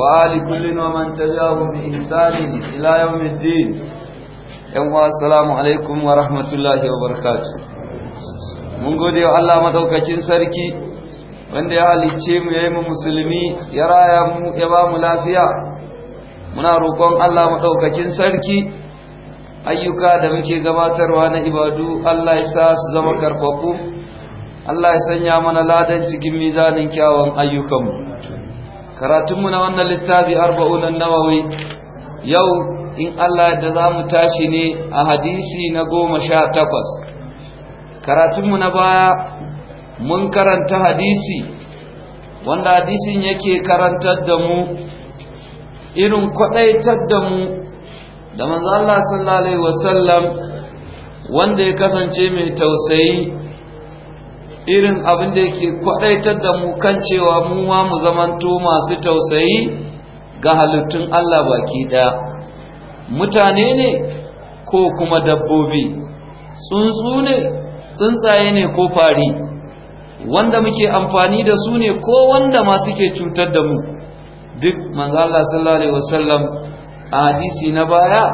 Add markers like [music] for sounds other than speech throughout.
وآل كل ومن insani بإحسان إلى يوم الدين يوم alaikum wa rahmatullahi wa وبركاته mun gode wa Allah madaukakin sarki wanda ya halicce mu yayi mu musulmi ya raya mu ya ba mu lafiya muna roƙon Allah madaukakin sarki ayyuka da muke gabatarwa na ibadu Allah ya sa su zama karfafu Allah ya sanya mana ladan cikin mizanin kyawun ayyukanmu karatunmu na wannan littafi arba'unan nawawi yau in Allah yadda za mu tashi ne a hadisi na goma sha takwas karatunmu na baya mun karanta hadisi wanda hadisin yake karantar da mu irin kwaɗaitar da mu da manzo Allah sallallahu alaihi wasallam wanda ya kasance mai tausayi irin abin da yake kwadaitar da mu kan cewa mu ma mu zamanto masu tausayi ga halittun Allah baki ɗaya mutane ne ko kuma dabbobi tsuntsu ne tsuntsaye ne ko fari wanda muke amfani da su ne ko wanda ma suke cutar da mu duk manzo Allah sallallahu alaihi wasallam a hadisi na baya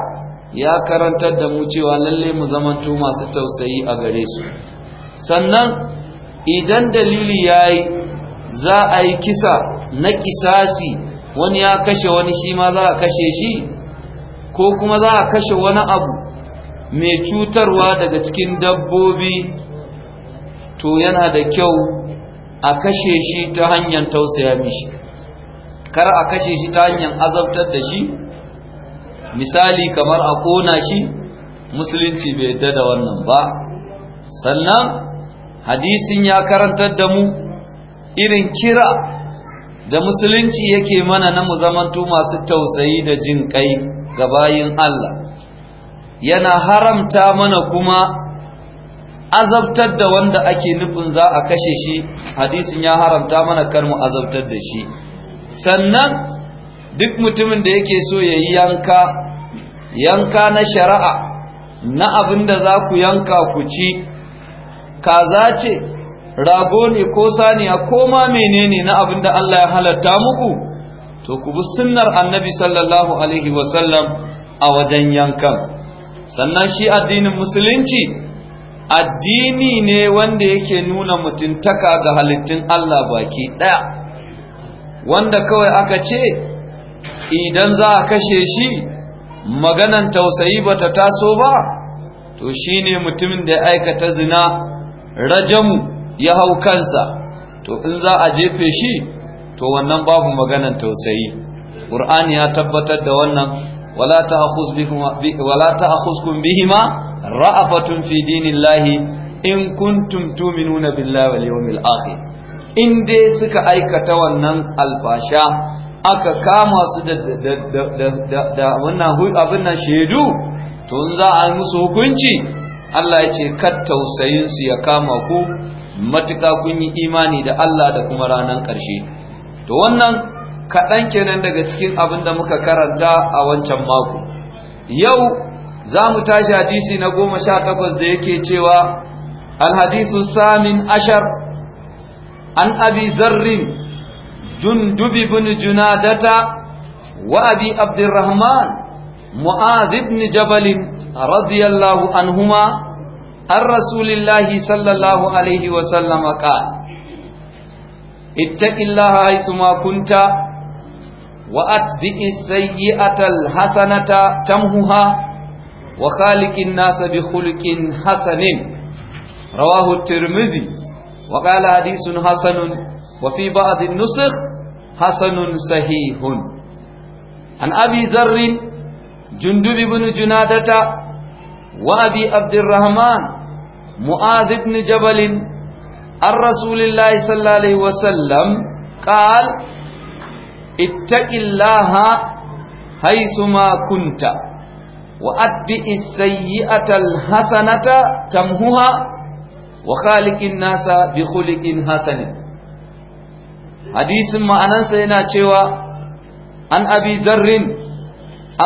ya karantar da mu cewa lalle mu zamanto masu tausayi a gare su sannan idan dalili ya yi za a yi kisa na kisasi wani ya kashe wani shi ma za a kashe shi ko kuma za a kashe wani abu mai cutarwa daga cikin dabbobi to yana da kyau a kashe shi ta hanyar tausaya mishi kar a kashe shi ta hanyar azabtar da shi misali kamar a kona shi musulunci bai yadda da wannan ba sannan hadisin ya karantar da mu irin kira da musulunci yake mana na mu zamanto masu tausayi da jin kai ga bayin Allah yana haramta mana kuma azabtar da wanda ake nufin za a kashe shi hadisin ya haramta mana kar mu azabtar da shi sannan duk mutumin da yake so ya yi yanka yanka na shari'a na abin da za ku yanka ku ci kaza ce rago ne ko saniya ko ma menene na abin da Allah ya halatta muku to ku bi sunnar annabi sallallahu alaihi wasallam a wajen yankan sannan shi addinin musulunci addini ne wanda yake nuna mutuntaka ga halittun Allah baki ɗaya wanda kawai aka ce idan za a kashe shi maganan tausayi bata taso ba to shine mutumin da ya aikata zina rajamu ya hau kansa to in za a jefe shi to wannan babu maganan tausayi qur'ani ya tabbatar da wannan wala ta'khuz bikum ta'khuzkum bihima ra'afatun fi dinillahi in kuntum tu'minuna billahi wal yawmil akhir in dai suka aikata wannan alfasha aka kama su da da da wannan abin nan shedu to in za a yi musu hukunci Allah ya ce kad tausayinsu ya kama ku matuƙa kun yi imani da Allah da kuma ranar ƙarshe to wannan kaɗan kenan daga cikin abin da muka karanta a wancan mako yau za mu tashi hadisi na goma sha takwas da yake cewa alhadisu samin ashar an abi zarrin jundubi bin junadata wa abi abdurrahman mu'adh ibn jabal radiyallahu anhuma an rasulillahi sallallahu alaihi wasallam qala ittaqillaha haithuma kunta wa atbi'i sayyi'atal hasanata tamhuha wa khaliqin nasa bi khuluqin hasanin rawahu at-tirmidhi wa qala hadithun hasanun wa fi ba'd an hasanun sahihun an abi dharr jundub ibn junadata wa abi abdurrahman معاذ بن جبل عن رسول الله صلى الله عليه وسلم قال اتق الله حيثما كنت وأتبع السيئة الحسنة تمهها وخالق الناس بخلق حسن حديث ما أنسى هنا عن أبي ذر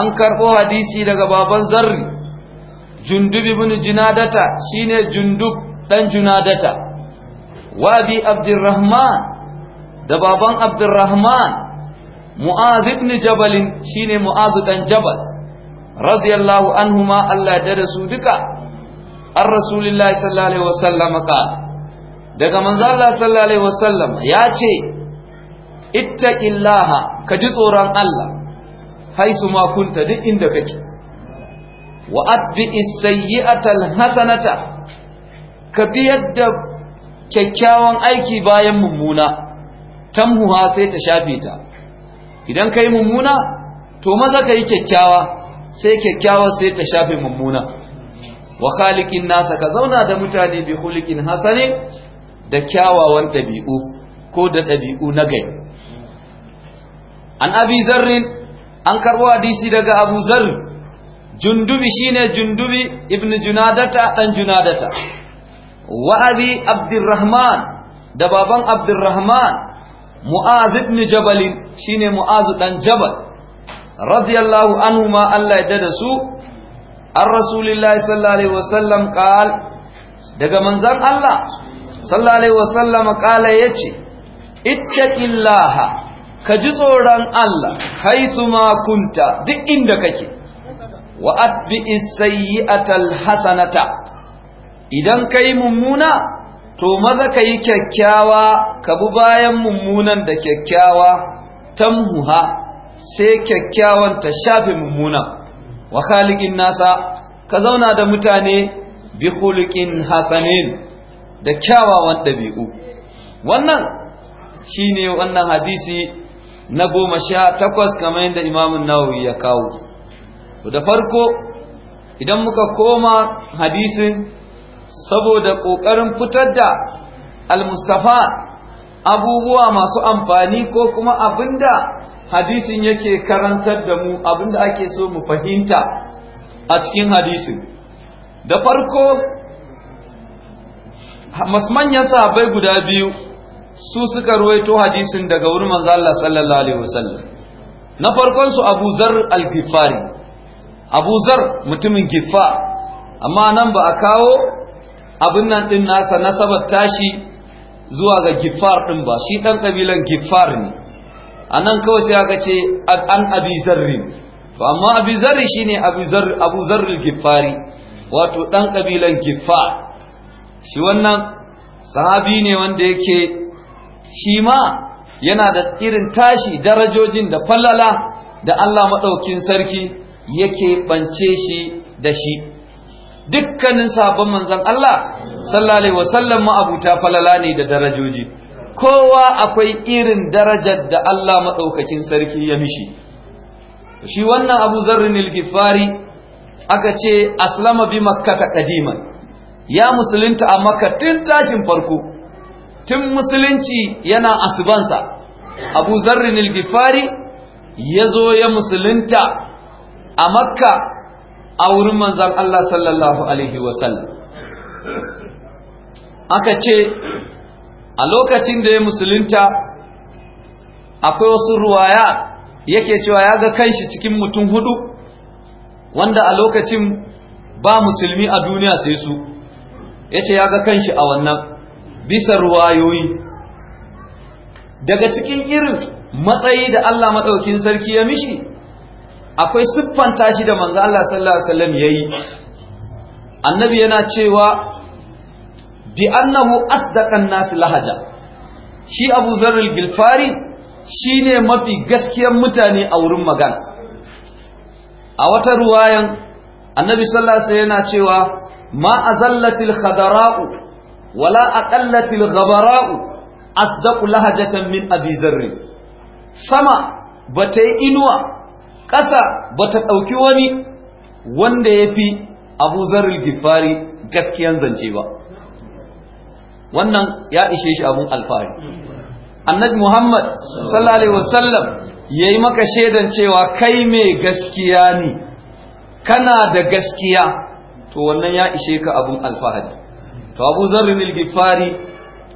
an karɓo hadisi daga baban zarri jundub ibn junadata shine jundub dan junadata wa bi abdurrahman da baban abdurrahman mu'az ibn jabal shine mu'az dan jabal radiyallahu anhuma Allah ya da su duka ar rasulullahi sallallahu alaihi wasallam qala daga manzala sallallahu alaihi wasallam ya ce ittaqillaha ka ji tsoron Allah haisu ma kunta duk inda kake wa atbi'is sayyi'atal hasanata ka bi yadda kyakkyawan aiki bayan mummuna tamhuha sai ta shafe ta idan kai mummuna to maza kai kyakkyawa sai kyakkyawa sai ta shafe mummuna wa khaliqin nasa ka zauna da mutane bi khuliqin hasani da kyawawan dabi'u ko da dabi'u na gai an abi zarrin an karbo hadisi daga abu zarr jundubi shine jundubi ibn junadata dan junadata wa abi abdurrahman da baban abdurrahman mu'az ibn jabal shine mu'az dan jabal radiyallahu anhu ma Allah ya dada su an rasulillahi sallallahu alaihi wasallam qal daga manzan Allah sallallahu alaihi wasallam qala yace ittaqillaha ka ji tsoron Allah haisu kunta duk inda kake wa atbi'i sayyi'atal hasanata idan kai mummuna to maza kai kyakkyawa ka bi bayan mummunan da kyakkyawa tamhuha sai kyakkyawan ta shafe mummuna wa khaliqin nasa ka zauna da mutane bi khuluqin hasanin da kyawawan dabi'u wannan shine wannan hadisi na goma sha takwas kamar yadda imamun nawawi ya kawo to da farko idan muka koma hadisin saboda ƙoƙarin fitar da al-mustafa abubuwa masu amfani ko kuma abinda hadisin yake karantar da mu abinda ake so mu fahimta a cikin hadisin da farko manyan sahabbai guda biyu su suka ruwaito hadisin daga wurin manzo Allah sallallahu alaihi wasallam na farkon su Abu Zar al-Ghifari abu zar mutumin gifa amma nan ba a kawo abin nan ɗin nasa nasabar tashi zuwa ga giffar ɗin ba shi ɗan ƙabilan giffar ne a nan kawai sai aka ce an abi zarri, to amma abi zarri shi ne abu giffari wato ɗan ƙabilan giffar shi wannan sahabi ne wanda yake shi ma yana da irin tashi darajojin da fallala da Allah maɗaukin sarki yake bance shi da shi dukkanin sabon manzon Allah sallallahu alaihi wasallam ma'abuta falala ne da darajoji kowa akwai irin darajar da Allah maɗaukakin sarki ya mishi shi wannan abu zarrin ilgifari aka ce aslama bi makkata kadiman ya musulunta a makka tun tashin farko tun musulunci yana asubansa abu zarrin ilgifari ya zo ya musulunta a makka a wurin manzan Allah sallallahu alaihi wasallam aka ce a lokacin da ya musulunta akwai wasu ruwaya yake cewa ya ga kanshi cikin mutum hudu wanda a lokacin ba musulmi a duniya sai su ya ce ya ga kanshi a wannan bisa ruwayoyi daga cikin irin matsayi da Allah maɗaukin sarki ya mishi akwai siffan tashi da manzo Allah sallallahu alaihi wasallam yayi annabi yana cewa bi annahu asdaqan nas lahaja shi Abu Zarr Gilfari shine mafi gaskiyar mutane a wurin magana a wata ruwayan annabi sallallahu alaihi wasallam yana cewa ma azallatil khadara'u wala aqallatil ghabara'u asdaqu lahajatan min Abi Zarr sama bata yi inuwa ƙasa ba ta ɗauki wani wanda ya fi abu zarril gifari gaskiyan zance ba wannan ya ishe shi abun alfahari annabi muhammad sallallahu alaihi wasallam ya yi maka shaidan cewa kai mai gaskiya ne kana da gaskiya to wannan ya ishe ka abun alfahari to abu zarril gifari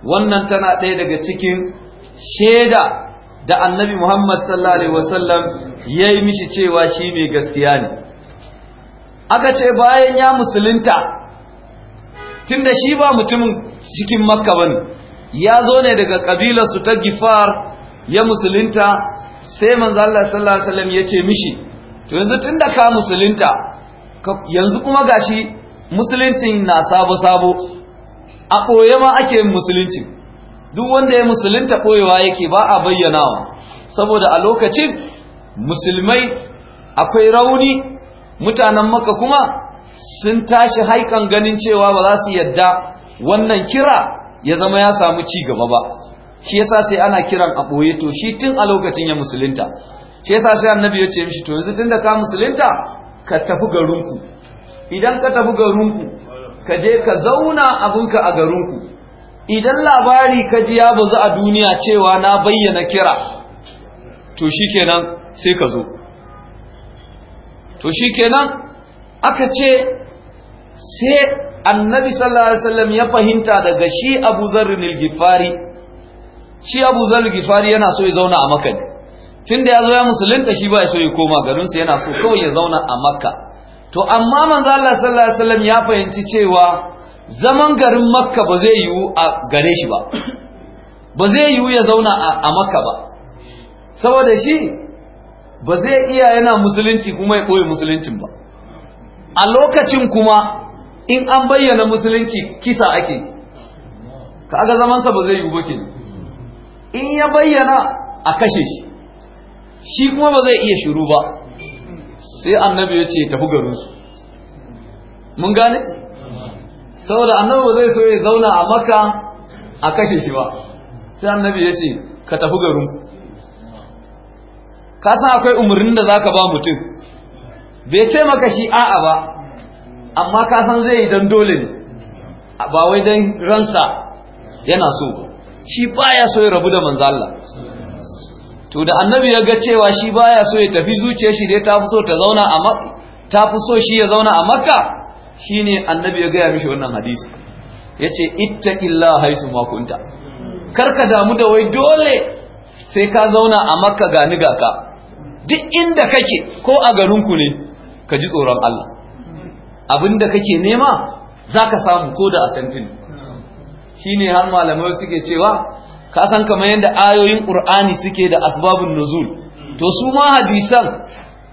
wannan tana ɗaya daga cikin shaida da annabi Muhammad sallallahu alaihi wasallam ya yi mishi cewa shi mai gaskiya ne aka ce bayan ya musulunta tunda shi ba mutumin cikin makka bane ya zo ne daga kabilar su ta gifar ya musulunta sai manzo Allah sallallahu alaihi wasallam ya ce mishi to yanzu tunda ka musulunta yanzu kuma gashi musuluncin na sabo sabo a ɓoye ma ake yin musuluncin duk wanda ya musulunta koyewa yake ba a bayyana wa. saboda a lokacin musulmai akwai rauni mutanen maka kuma sun tashi haikan ganin cewa ba za su yadda wannan kira ya zama ya samu ci gaba ba shi yasa sai ana kiran a ɓoye to shi tun a lokacin ya musulunta shi yasa sai annabi ya ce mishi to yanzu tun da ka musulunta ka tafi garinku idan ka tafi garinku ka je ka zauna abinka a garinku idan labari ka ji ya bazu a duniya cewa na bayyana kira to shi kenan sai ka zo to shi kenan aka ce sai annabi sallallahu alaihi wasallam ya fahimta daga shi Abu Zarr gifari shi Abu Zarr gifari yana so ya zauna a Makka tunda ya zo ya musulunta shi ba so ya koma garin sa yana so kawai ya zauna a Makka to amma manzo Allah sallallahu alaihi wasallam ya fahimci cewa zaman garin makka ba zai yiwu a gare shi ba ba zai yiwu ya zauna a makka ba saboda shi ba zai iya yana musulunci kuma ya koyi musuluncin ba a lokacin kuma in an bayyana musulunci kisa ake ka zamansa ba zai yiwu ba ke in ya bayyana a kashe shi shi kuma ba zai iya shiru ba sai annabi ya ce tafi garinsu mun gane saboda annabi zai so ya zauna a maka a kashe shi ba sai annabi ya ce ka tafi garin ka san akwai umarnin da za ka ba mutum bai ce maka shi a'a ba amma ka san zai yi don dole ne ba wai don ransa yana so shi baya so ya rabu da manzala. to da annabi ya ga cewa shi baya so ya tafi zuciyar shi dai ta fi so ta zauna a ta fi so shi ya zauna a makka shine annabi ya gaya mishi wannan hadisi yace illa haisu ma kunta karka damu da wai dole sai ka zauna a makka ga ni ka duk inda kake ko a garin ku ne ka ji tsoron Allah abinda kake nema zaka samu ko da a can din shine har malamai suke cewa ka san kamar yadda ayoyin qur'ani suke da asbabun nuzul to su ma hadisan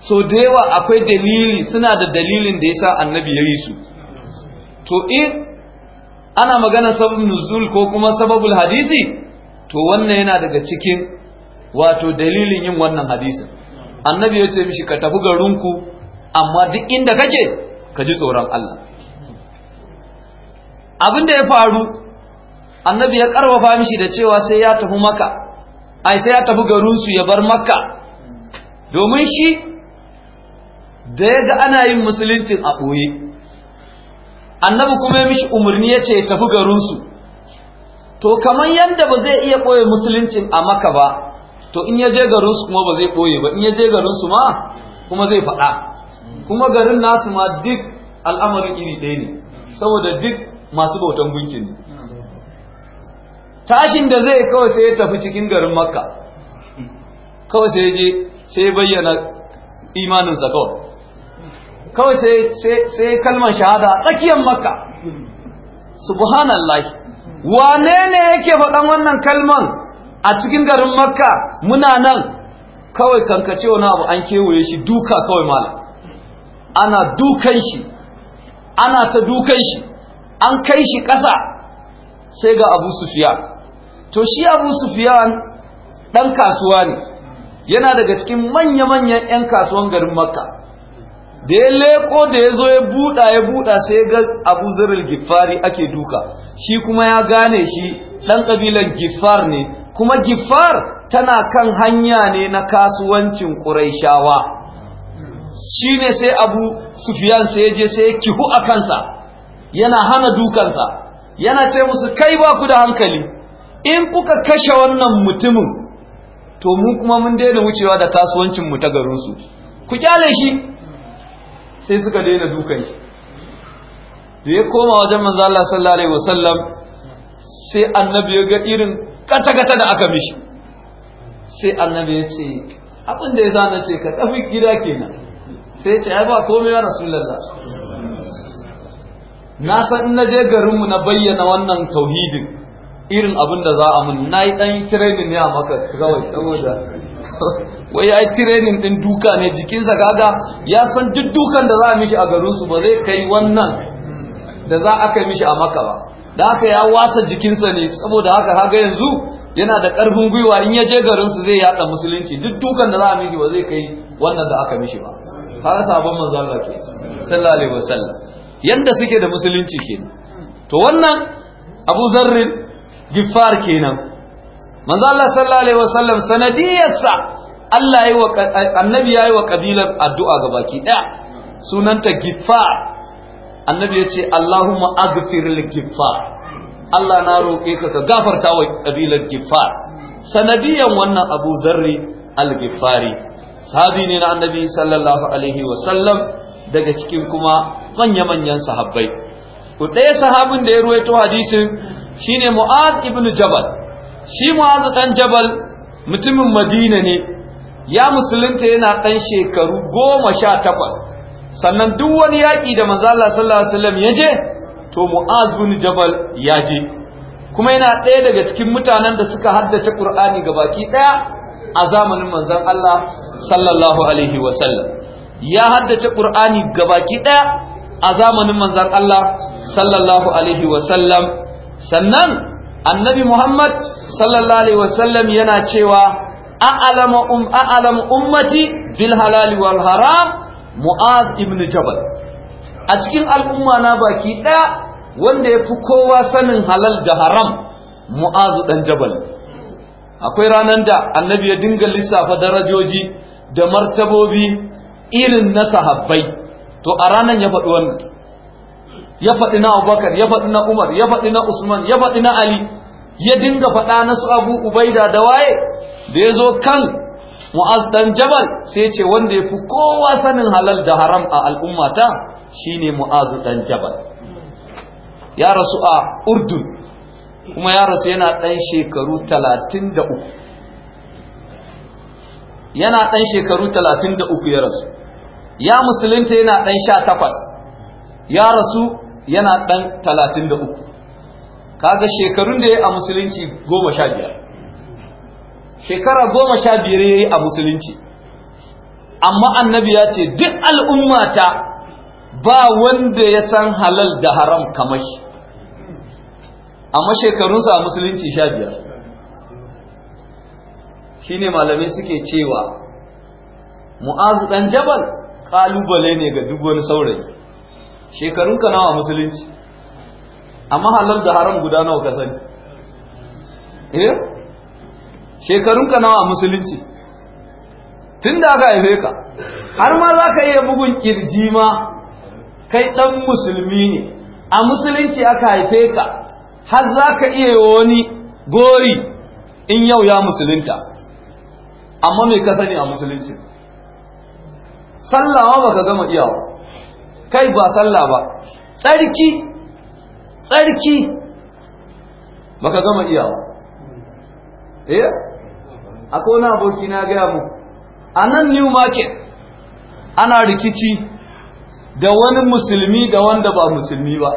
so da yawa akwai dalili suna da dalilin da yasa annabi ya yi su to in ana magana sabbin nuzul ko kuma sababul hadisi to wannan yana daga cikin wato dalilin yin wannan hadisin annabi ya ce mishi ka tafi garinku amma duk inda kake ka ji tsoron Allah abin da ya faru annabi ya karfafa mishi da cewa sai ya tafi maka ai sai ya tafi garinsu ya bar maka domin shi da ya ga ana yin musuluncin a ɓoye annabi kuma ya mishi umarni ya ce tafi garinsu to kamar yadda ba zai iya ɓoye musuluncin a maka ba to in ya je garinsu kuma ba zai ɓoye ba in ya je garinsu ma kuma zai faɗa kuma garin nasu ma duk al'amarin iri ɗaya ne saboda duk masu bautan gunkin ne tashin da zai kawai sai ya tafi cikin garin makka kawai sai ya je sai ya bayyana imaninsa kawai kawai sai kalmar shahada a tsakiyar makka subhanallah wane ne yake faɗan wannan kalman a cikin garin makka muna nan kawai kankace wani abu an kewaye shi duka kawai malam ana dukan shi ana ta dukan shi an kai shi ƙasa sai ga abu sufiyan to shi abu sufiyan ɗan kasuwa ne yana daga cikin manya-manyan 'yan kasuwan garin makka da ya leko da ya zo ya buɗa ya buɗa sai ya ga abu zirar gifari ake duka shi kuma ya gane shi ɗan ƙabilan gifar ne kuma gifar tana kan hanya ne na kasuwancin ƙuraishawa shi ne sai abu sufiyan sai ya je sai ya kihu a kansa yana hana dukansa yana ce musu kai ba ku da hankali in kuka kashe wannan mutumin to mu kuma mun daina wucewa da kasuwancin mu ta garinsu ku kyale shi sai suka daina dukan shi da ya koma wajen manzo Allah sallallahu alaihi wasallam sai annabi ya ga irin kata-kata da aka mishi sai annabi ya ce abin da ya sa ce ka kafi gida kenan sai ya ce ai ba komai ya rasulullah na san in naje garinmu na bayyana wannan tauhidin irin abin da za a mun na yi ɗan training ne a maka kawai saboda wai ya yi tirenin ɗin duka ne jikinsa gaga ya san duk dukan da za a mishi a garinsu ba zai kai wannan da za a kai mishi a maka ba da haka ya wasa jikinsa ne saboda haka haka yanzu yana da ƙarfin gwiwa in ya je garinsu zai yada musulunci duk dukan da za a mishi ba zai kai wannan da aka mishi ba kaga sabon manzon Allah ke sallallahu alaihi wasallam yanda suke da musulunci kenan to wannan Abu Zarrin Giffar kenan manzo Allah sallallahu alaihi wasallam sanadiyarsa Allah yi wa annabi yayi wa kabilar addu'a ga baki daya sunanta gifar annabi ya ce Allahumma aghfir li gifar Allah na roƙe ka ka gafarta wa kabilar gifar sanadiyan wannan Abu Zarri al-Ghifari sahabi ne na annabi sallallahu alaihi wa sallam daga cikin kuma manya-manyan sahabbai ku ɗaya sahabin da ya ruwaito hadisin shine Mu'az ibn Jabal shi Mu'adh dan Jabal mutumin Madina ne ya musulunta yana ɗan shekaru goma sha takwas sannan duk wani yaƙi da manzala sallallahu alaihi wasallam ya je to mu'az bin jabal ya je kuma yana ɗaya daga cikin mutanen da suka haddace qur'ani ga baki ɗaya a zamanin manzon Allah sallallahu alaihi wasallam ya haddace qur'ani ga baki ɗaya a zamanin manzon Allah sallallahu alaihi wasallam sannan annabi Muhammad sallallahu alaihi wasallam yana cewa a'lamu um a'lamu ummati bil halali wal haram mu'az ibn jabal a cikin al'umma na baki daya wanda ya fi kowa sanin halal da haram mu'az dan jabal akwai ranar da annabi ya dinga lissafa darajoji da martabobi irin na sahabbai to a ranar ya faɗi wannan ya faɗi na abubakar ya faɗi na umar ya faɗi na usman ya faɗi na ali ya dinga faɗa na su abu ubaida da waye da ya zo kan mu'azdan jabal sai ce wanda ya fi kowa sanin halal da haram a al'ummata shine ne mu'azdan jabal ya rasu a urdun kuma ya rasu yana ɗan shekaru talatin da uku. yana ɗan shekaru talatin da uku ya rasu ya musulunta yana ɗan sha takwas, ya rasu yana ɗan talatin da uku kaga shekarun da ya a musulunci goma sha biyar. shekara goma sha biyar ya yi a musulunci amma annabi ya ce duk al'ummata ba wanda ya san halal da haram kamar shi amma shekarunsa a musulunci sha biyar shi ne malamai suke cewa mu'azu ɗan jabal ƙalubale ne ga duk wani saurayi shekarunka nawa musulunci amma halal da haram guda nawa ka sani eh shekarunka nawa a musulunci tun da aka haife ka har ma za ka iya bugun kirji ma kai ɗan musulmi ne a musulunci aka haife ka har za ka iya wani gori in yau ya musulunta amma mai ka sani a musulunci Sallawa ba ka gama iyawa kai ba salla ba tsarki tsarki ba ka gama iyawa eh akwai wani aboki na gaya mu a nan new market ana rikici da wani musulmi da wanda ba musulmi ba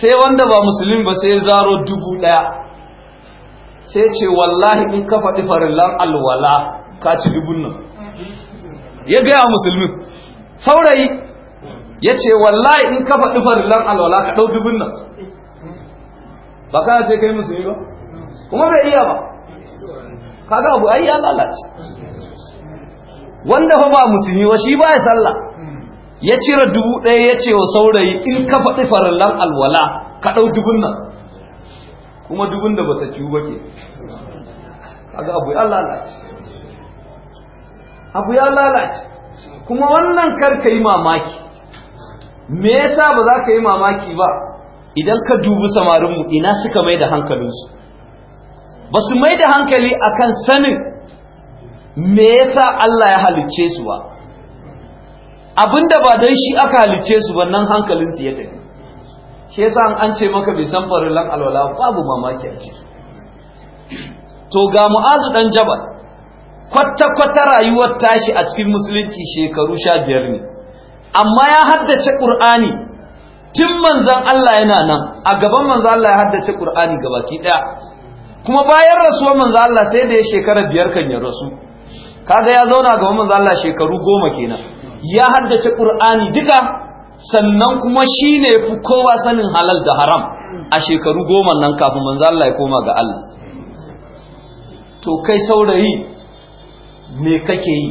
sai wanda ba musulmi ba sai zaro dubu ɗaya sai ce wallahi in ka faɗi farillan alwala ka ci dubun nan ya gaya musulmin saurayi ya ce wallahi in ka faɗi farillan alwala ka ɗau dubun nan ba kana ce kai musulmi ba kuma bai iya ba kaga abu ai ya lalace wanda fa ba musulmi wa shi baya sallah ya cire dubu ɗaya ya ce wa saurayi in ka faɗi farallan alwala ka ɗau dubun nan kuma dubun da bata ciwu ba ke kaga abu ya lalace abu ya lalace kuma wannan kar ka yi mamaki me yasa ba za ka yi mamaki ba idan ka dubi samarinmu ina suka mai da hankalinsu ba su mai da hankali akan sanin me yasa Allah ya halicce su ba abinda ba don shi aka halicce su ba nan hankalinsu ya tafi shi yasa an ce maka bai san farillan alwala babu mamaki a ciki to ga mu'azu dan jabal kwata-kwata rayuwar tashi a cikin musulunci shekaru sha biyar ne amma ya haddace ƙur'ani tun manzan Allah yana nan a gaban manzan Allah ya haddace ƙur'ani gabaki ɗaya kuma bayan rasuwar manzo Allah sai da ya shekara biyar kan ya rasu kaga ya zauna ga manzo Allah shekaru goma kenan ya haddace Qur'ani duka sannan kuma shine fi kowa sanin halal da haram a shekaru goma nan kafin manzo Allah ya koma ga Allah to kai saurayi me kake yi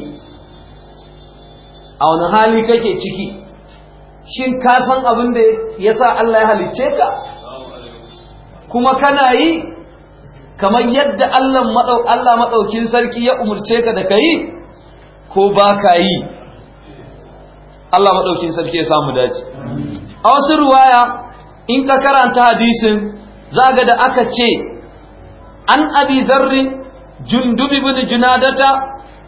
a wani hali kake ciki shin ka san abin da yasa Allah ya halicce ka kuma kana yi kamar yadda Allah maɗaukin sarki ya umarce ka da ka yi ko ba ka yi Allah maɗaukin sarki ya samu dace a wasu ruwaya in ka karanta hadisin za ga da aka ce an abi zarri jundubi bin junadata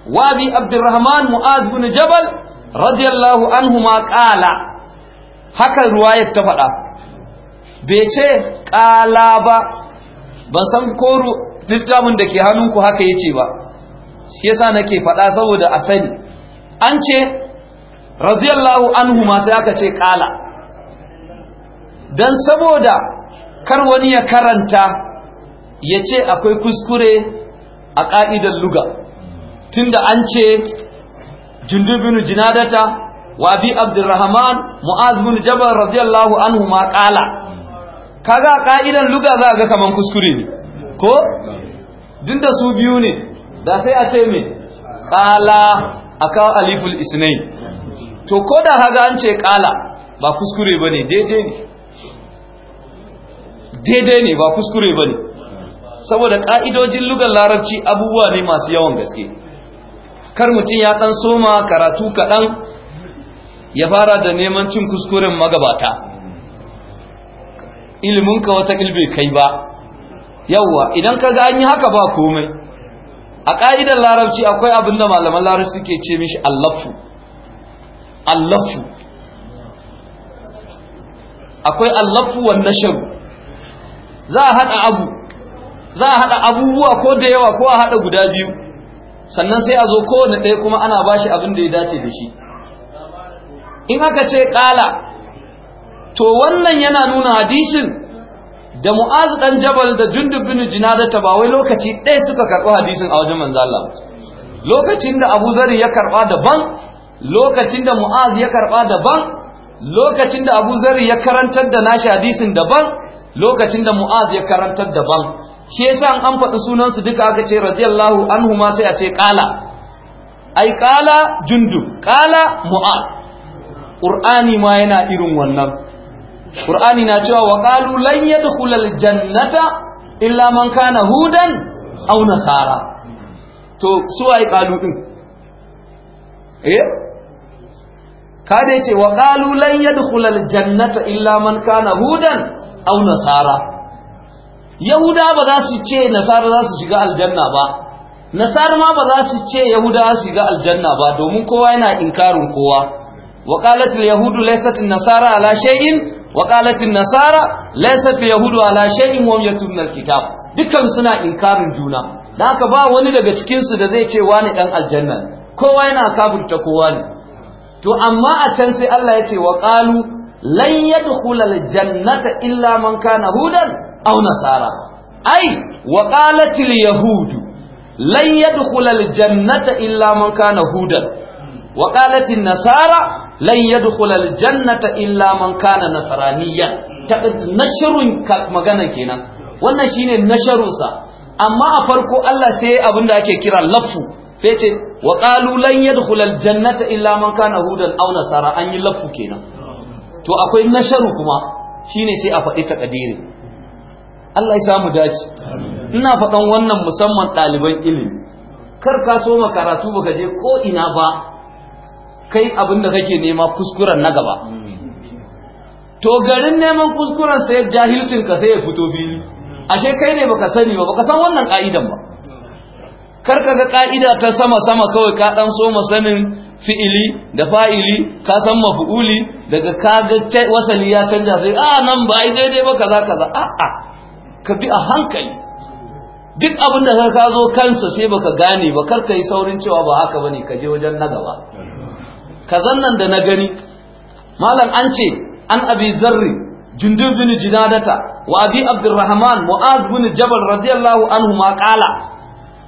wa bi abdurrahman mu'az bin jabal radiyallahu anhu ma qala haka ruwayar ta faɗa bai ce ƙala ba ban san koru littafin da ke hannun ku haka ya ce ba shi yasa nake faɗa saboda a sani an ce radiyallahu anhu ma sai aka ce ƙala dan saboda kar wani ya karanta ya ce akwai kuskure a ƙa'idar luga tunda an ce jundubinu jinadata wa bi abdurrahman mu'az bin jabal radiyallahu anhu ma ƙala kaga ka'idan luga za a ga kamar kuskure ne ko duk su biyu ne da sai a ce me qala kawo aliful isnai to ko da haga an ce qala ba kuskure bane daidai ne daidai ne ba kuskure bane saboda ƙa'idojin lugar larabci abubuwa ne masu yawan gaske kar mutum ya dan soma karatu kaɗan, ya fara da neman cin kuskuren magabata Ilminka wata bai kai ba yawwa idan ka ga an haka ba komai a ƙa'idar larabci akwai abin da malaman larabci suke ce mishi allafu allafu akwai allafu wa nasharu za a haɗa abu za a haɗa abubuwa ko da yawa ko a haɗa guda biyu sannan sai a zo kowane ɗaya kuma ana ba shi abin da ya dace da shi in aka ce ƙala to wannan yana nuna hadisin da mu'az dan jabal da jundub bin jinada ta ba wai lokaci ɗaya suka karɓi hadisin a wajen manzo Allah lokacin da Abu Zari ya karɓa daban lokacin da mu'az ya karɓa daban lokacin da Abu Zari ya karantar da nashi hadisin daban lokacin da mu'az ya karantar daban shi yasa an faɗi sunan su duka aka ce radiyallahu anhu ma sai a ce qala ai qala jundub qala mu'az qur'ani ma yana irin wannan Qur'ani na cewa wa qalu lan yadkhulal jannata illa man kana hudan aw nasara to ai qalu din eh da yace wa qalu lan yadkhulal jannata illa man kana hudan aw nasara yahuda ba za su ce nasara za su shiga aljanna ba nasara ma ba za su ce yahuda za su shiga aljanna ba domin kowa yana inkarin kowa wa qalat al yahudu laysat an nasara ala shay'in وقالت النصارى nasara اليهود على yahudu وهم يتلون الكتاب yatumna alkitab dukan suna inkarin juna dan haka ba wani daga cikin su da zai ce wani dan aljanna kowa yana kafirta kowa ne to amma a can sai Allah ya ce wa qalu lan yadkhula aljannata illa man kana hudan aw nasara ai wa Yahudu yahud lan yadkhula aljannata illa man kana hudan wa nasara lan yadkhul aljannata illa man kana nasraniyan nashrun magana kenan wannan shine nasharunsa amma a farko Allah sai abin da ake kira lafu sai ce wa qalu lan yadkhul aljannata illa man kana hudan aw nasara an yi lafu kenan to akwai nasharu kuma shine sai a faɗi takadiri Allah ya samu dace ina faɗan wannan musamman ɗaliban ilimi kar ka so karatu baka je ko ina ba kai abin da kake nema kuskuren na gaba to garin neman kuskuren sai jahilcin ka sai ya fito fili ashe kai ne baka sani ba baka san wannan ka'idan ba kar ka ga ka'ida ta sama sama kawai ka dan so sanin fi'ili da fa'ili ka san mafu'uli daga ka ga wasali ya canja sai a ah, nan ba ai daidai ba kaza kaza a a ka bi a hankali duk abin da ka zo kansa sai baka gane ba kar ka yi saurin cewa ba haka bane ka je wajen na gaba kazan nan da na gani malam an ce an abi zarri jundub bin jinadata wa abi abdurrahman mu'az bin jabal radiyallahu anhu ma qala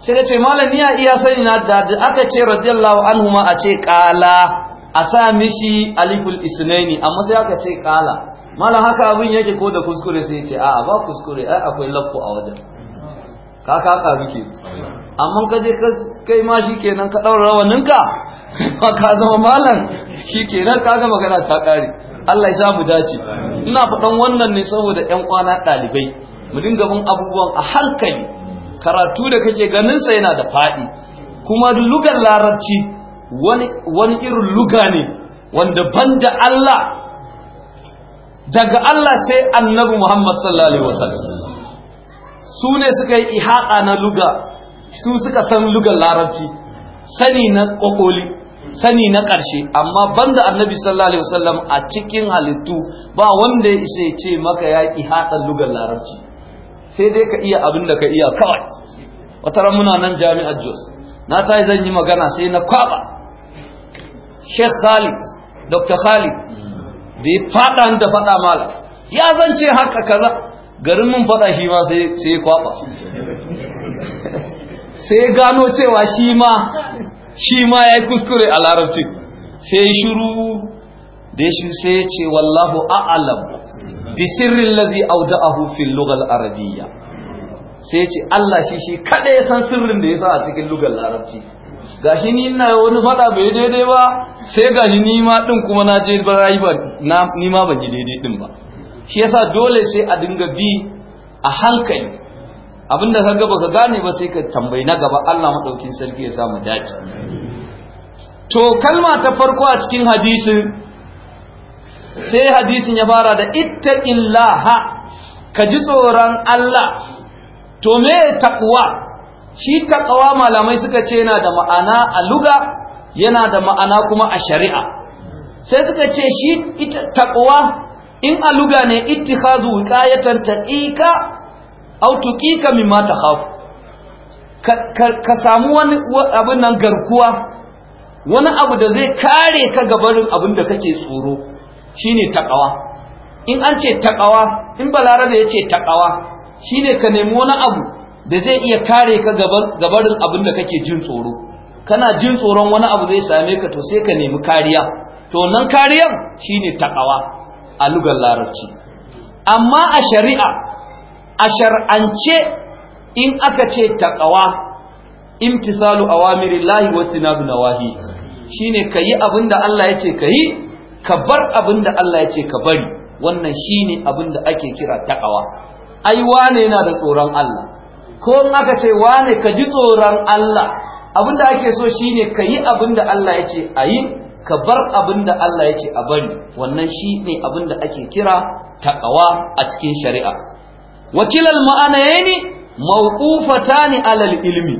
sai da ce malam ya iya sani na da aka ce radiyallahu anhu ma a ce qala a sa mishi aliful isnaini amma sai aka ce qala malam haka abin yake ko da kuskure sai ya ce a ba kuskure ai akwai lafu a wajen ka ka karu ke amma ka je kai ma shi kenan ka ɗaura rawaninka ka [laughs] ka zama malam shi kenan ka ga magana ta ƙare Allah ya samu dace ina faɗan wannan ne saboda ƴan kwana ɗalibai mu dinga bin abubuwan a hankali karatu da kake ganin sa yana da faɗi kuma lugar larabci wani wani irin luga ne wanda banda Allah daga Allah sai annabi Muhammad sallallahu alaihi wasallam su ne suka yi ihaɗa na luga su suka san lugar larabci sani na ƙwaƙoli sani na ƙarshe amma banda annabi sallallahu alaihi wasallam a cikin halittu ba wanda ya isa ce maka ya ihaɗan lugar larabci sai dai ka iya abin da ka iya kawai wata muna nan jami'ar jos na ta zan yi magana sai na kwaba sheikh khalid dr khalid da ya faɗa da faɗa mala ya ce haka kaza garin mun faɗa shi ma sai kwaɓa sai gano cewa shi ma shi ma ya yi kuskure a larabci sai shiru da shi sai ya ce wallahu a'alam bi sirrin lazi auda'ahu fil lugal arabiyya sai ya ce Allah shi shi kada ya san sirrin da ya sa a cikin lugal larabci gashi ni ina wani fada bai daidai ba sai gashi ni ma din kuma na je ba ni ma ban yi daidai din ba shi yasa dole sai a dinga bi a hankali abinda ka gaba ka gane ba sai ka tambayi na gaba Allah madaukin sarki ya samu dace to kalma ta farko a cikin hadisin sai hadisin ya fara da ittaqillaha ka ji tsoron Allah to me taqwa shi taqwa malamai suka ce yana da ma'ana a luga yana da ma'ana kuma a shari'a sai suka ce shi ita taqwa in a aluga ne ittikhadhu wiqayatan taqika aw tuqika mimma takhaf ka samu wani abin nan garkuwa wani abu da zai kare ka gabarin abin da kake tsoro shine takawa in an ce takawa in balarabe yace takawa shine ka nemi wani abu da zai iya kare ka gabarin abin da kake jin tsoro kana jin tsoron wani abu zai same ka to sai ka nemi kariya to nan kariyan shine takawa a lugar larabci amma a shari'a a shar'ance in aka ce taqwa imtisalu awamirillahi wa tinabu nawahi shine kayi abinda Allah yace kayi ka bar abinda Allah yace ka bari wannan shine abinda ake kira taqwa ai wane yana da tsoron Allah ko in aka ce wane ka ji tsoron Allah abinda ake so shine kayi abinda Allah yace ayi ka bar abin da Allah ya ce a bari wannan shi ne abin da ake kira taqwa a cikin shari'a wakilal ma'anayni ni alal ilimi.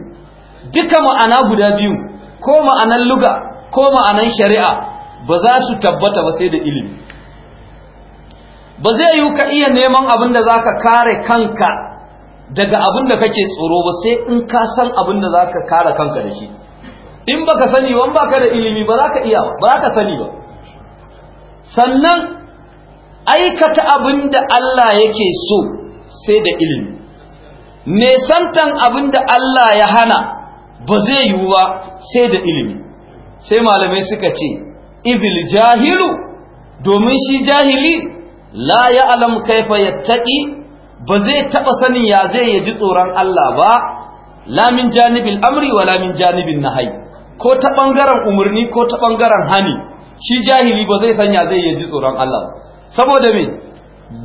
duka ma'ana guda biyu ko ma'anan luga ko ma'anan shari'a ba za su tabbata ba sai da ilimi ba zai yi ka iya neman abin da zaka kare kanka daga abin da kake tsoro ba sai in ka san abin da zaka kare kanka da shi in baka sani ba baka da ilimi ba za ka iya ba za ka sani ba sannan aikata abin da Allah yake so sai da ilimi nesantan abin da Allah ya hana ba zai yiwu ba sai da ilimi sai malamai suka ce izil jahilu domin shi jahili la ya alam kaifa yattaqi ba zai taba sanin ya zai yaji tsoron Allah ba Lamin min amri wa lamin min janibin nahyi ko ta ɓangaren umarni ko ta ɓangaren hani shi jahili ba zai sanya zai yi ji tsoron Allah saboda me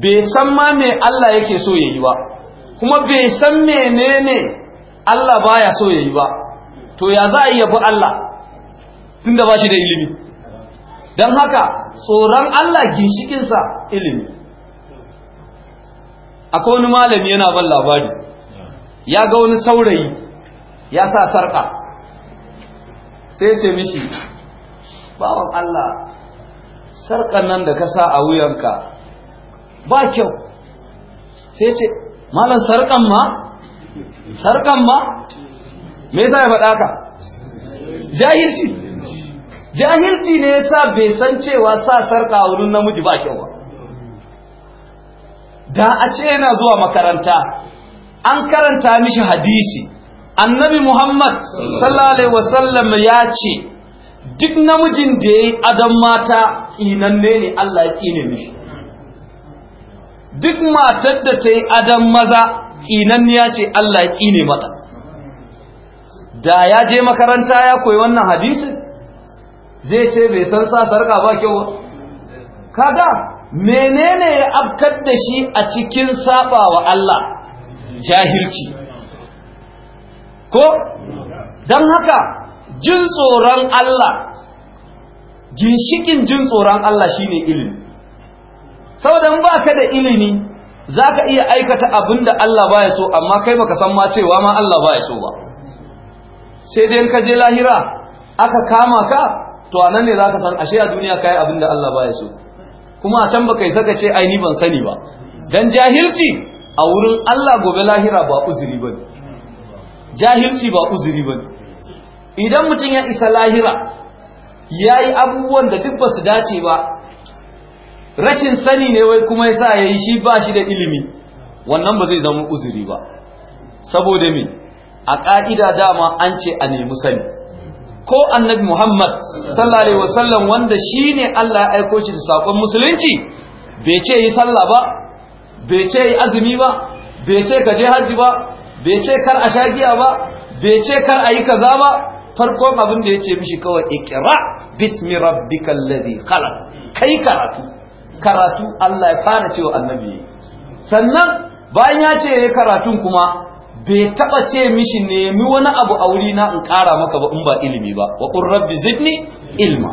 bai san ma me Allah yake so ya yi ba kuma bai san menene Allah baya so ya yi ba to ya za a iya bi Allah tunda ba shi da ilimi don haka tsoron Allah ginshikinsa ilimi akwai wani malami yana ban labari ya ga wani saurayi ya sa sarƙa sai ce mishi bawan Allah sarkan nan da ka sa a wuyanka ba kyau sai ce malam sarkan ma sarkan ma me yasa ya faɗa ka jahilci jahilci ne yasa bai san cewa sa sarka a wurin namiji ba kyau ba da a ce yana zuwa makaranta an karanta mishi hadisi annabi muhammad sallallahu alaihi wasallam ya ce duk namijin da ya yi adon mata ƙinanne ne allah ya kine mishi duk matar da ta yi adon maza ya ce allah ya kine mata da ya je makaranta ya koyi wannan hadisi, zai ce bai san sa sarka ba kyau ba kaga menene ya afkar da shi a cikin saba Allah jahilci ko don haka jin tsoron Allah ginshikin jin tsoron Allah shine ilimi saboda ba ka da ilimi za ka iya aikata abin da Allah ba ya so amma kai baka san ma cewa ma Allah ba ya so ba sai dai ka je lahira aka kama ka to anan ne za ka san ashe a duniya ka yi abin da Allah ba ya so kuma a can baka yi saka ce ai ban sani ba dan jahilci a wurin Allah gobe lahira ba uzuri ba ne. jahilci ba uzuri ba idan mutum ya isa lahira ya yi abubuwan da duk ba su dace ba rashin sani ne wai kuma yasa ya yi shi ba shi da ilimi wannan ba zai zama uzuri ba saboda me a ƙa'ida dama an ce a nemi sani ko annabi muhammad sallallahu alaihi wasallam wanda shi ne allah ya aiko shi da saƙon musulunci bai ce yi sallah ba bai ce yi azumi ba bai ce ka je hajji ba bai ce kar a sha giya ba bai ce kar a yi kaza ba farkon abin da ya ce mishi kawai ikira bismi rabbikal ladhi khalaq kai karatu karatu Allah ya fara cewa annabi sannan bayan ya ce yayi karatun kuma bai taba ce mishi nemi wani abu a wuri na in kara maka ba in ba ilimi ba wa qur rabbi zidni ilma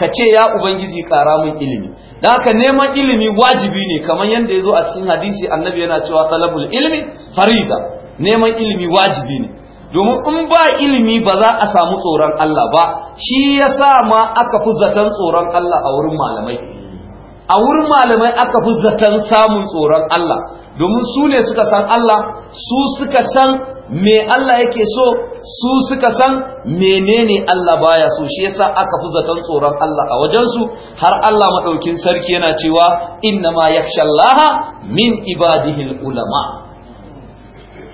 ka ce ya ubangiji ƙara min ilimi dan haka neman ilimi wajibi ne kamar yanda yazo a cikin hadisi annabi yana cewa talabul ilmi farida neman ilimi wajibi ne domin in ba ilimi ba za a samu tsoron Allah ba shi ya sa ma aka fi zaton tsoron Allah a wurin malamai a wurin malamai aka fi zaton samun tsoron Allah domin su ne suka san Allah su suka san me Allah yake so su suka san menene Allah baya so shi yasa aka fi zaton tsoron Allah a wajensu har Allah maɗaukin sarki yana cewa innama ma yakhshallaha min ibadihi ulama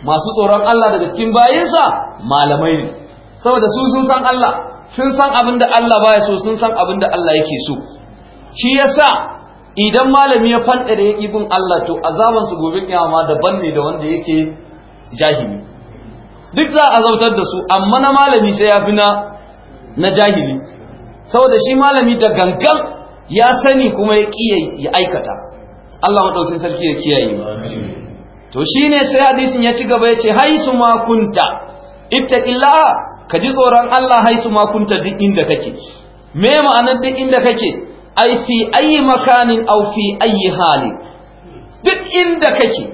masu tsoron Allah daga cikin bayinsa malamai ne saboda su sun san Allah sun san abin da Allah baya so sun san abin da Allah yake so shi yasa idan malami ya fanta da yake bin Allah to azaban su gobe kiyama daban ne da wanda yake jahili duk za a zautar da su amma na malami sai ya fi na jahili saboda shi malami da gangan ya sani kuma ya kiyaye ya aikata Allah madaukakin sarki ya kiyaye amin to shine sai hadisin ya ci gaba yace haisu ma kunta ittaqillaha ka ji tsoron Allah haisu ma kunta duk inda kake me ma'anar duk inda kake ai fi ayi makanin au fi ayi hali duk inda kake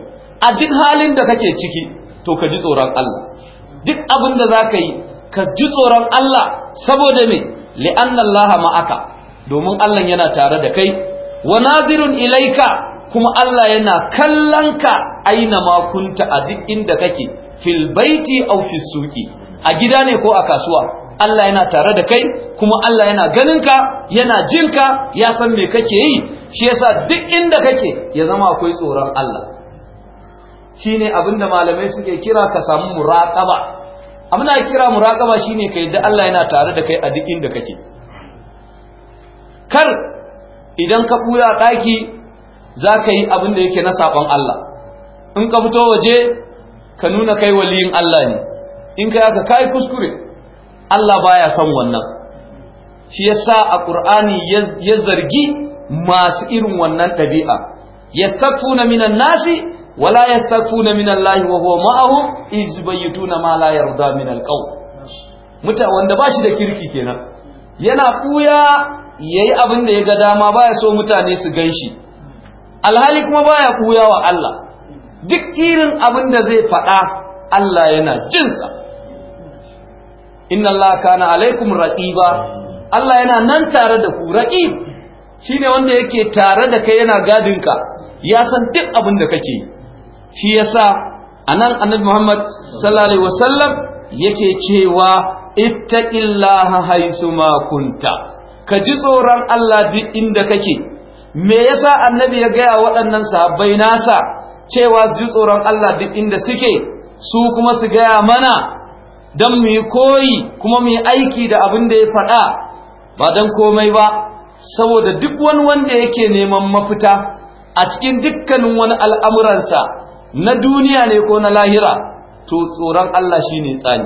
a duk halin da kake ciki to ka ji tsoron Allah duk abin da zaka yi ka ji tsoron Allah saboda me li'anna Allah ma'aka domin Allah yana tare da kai wa nazirun ilaika kuma Allah yana kallon ka aina makunta a duk inda kake fil baiti aw fis suki a gida ne ko a kasuwa Allah yana tare da kai kuma Allah yana ganin ka yana jin ka ya san me kake yi shi yasa duk inda kake ya zama akwai tsoron Allah shine abinda malamai suke kira ka samu muraqaba abinda kira muraqaba shine kai da Allah yana tare da kai a duk inda kake kar idan ka buya daki za ka yi abin da yake na saƙon Allah in ka fito waje ka nuna kai waliyin Allah ne in ka yaka ka kuskure Allah baya son wannan shi yasa a ƙur'ani ya zargi masu irin wannan ɗabi'a na minan nasi wala minan lahi wa huwa ma'ahum izbayituna na la yarda min alqawl muta wanda ba shi da kirki kenan yana kuya ya yi abin da ya ga dama ba ya so mutane su gan shi alhali kuma baya kuya wa Allah duk irin abin da zai faɗa Allah yana jinsa inna Allah kana alaikum raqiba Allah yana nan tare da ku raqib shine wanda yake tare da kai yana gadin ka? ya san duk abin da kake shi yasa anan annabi Muhammad sallallahu alaihi wasallam yake cewa ittaqillaha haisuma kunta ka ji tsoron Allah duk inda kake me yasa annabi ya gaya waɗannan sahabbai nasa cewa ji tsoron Allah duk inda suke su kuma su gaya mana don mu yi koyi kuma mu yi aiki da abin da ya faɗa ba don komai ba saboda duk wani wanda yake neman mafita a cikin dukkanin wani al'amuransa na duniya ne ko na lahira to tsoron Allah shi ne tsani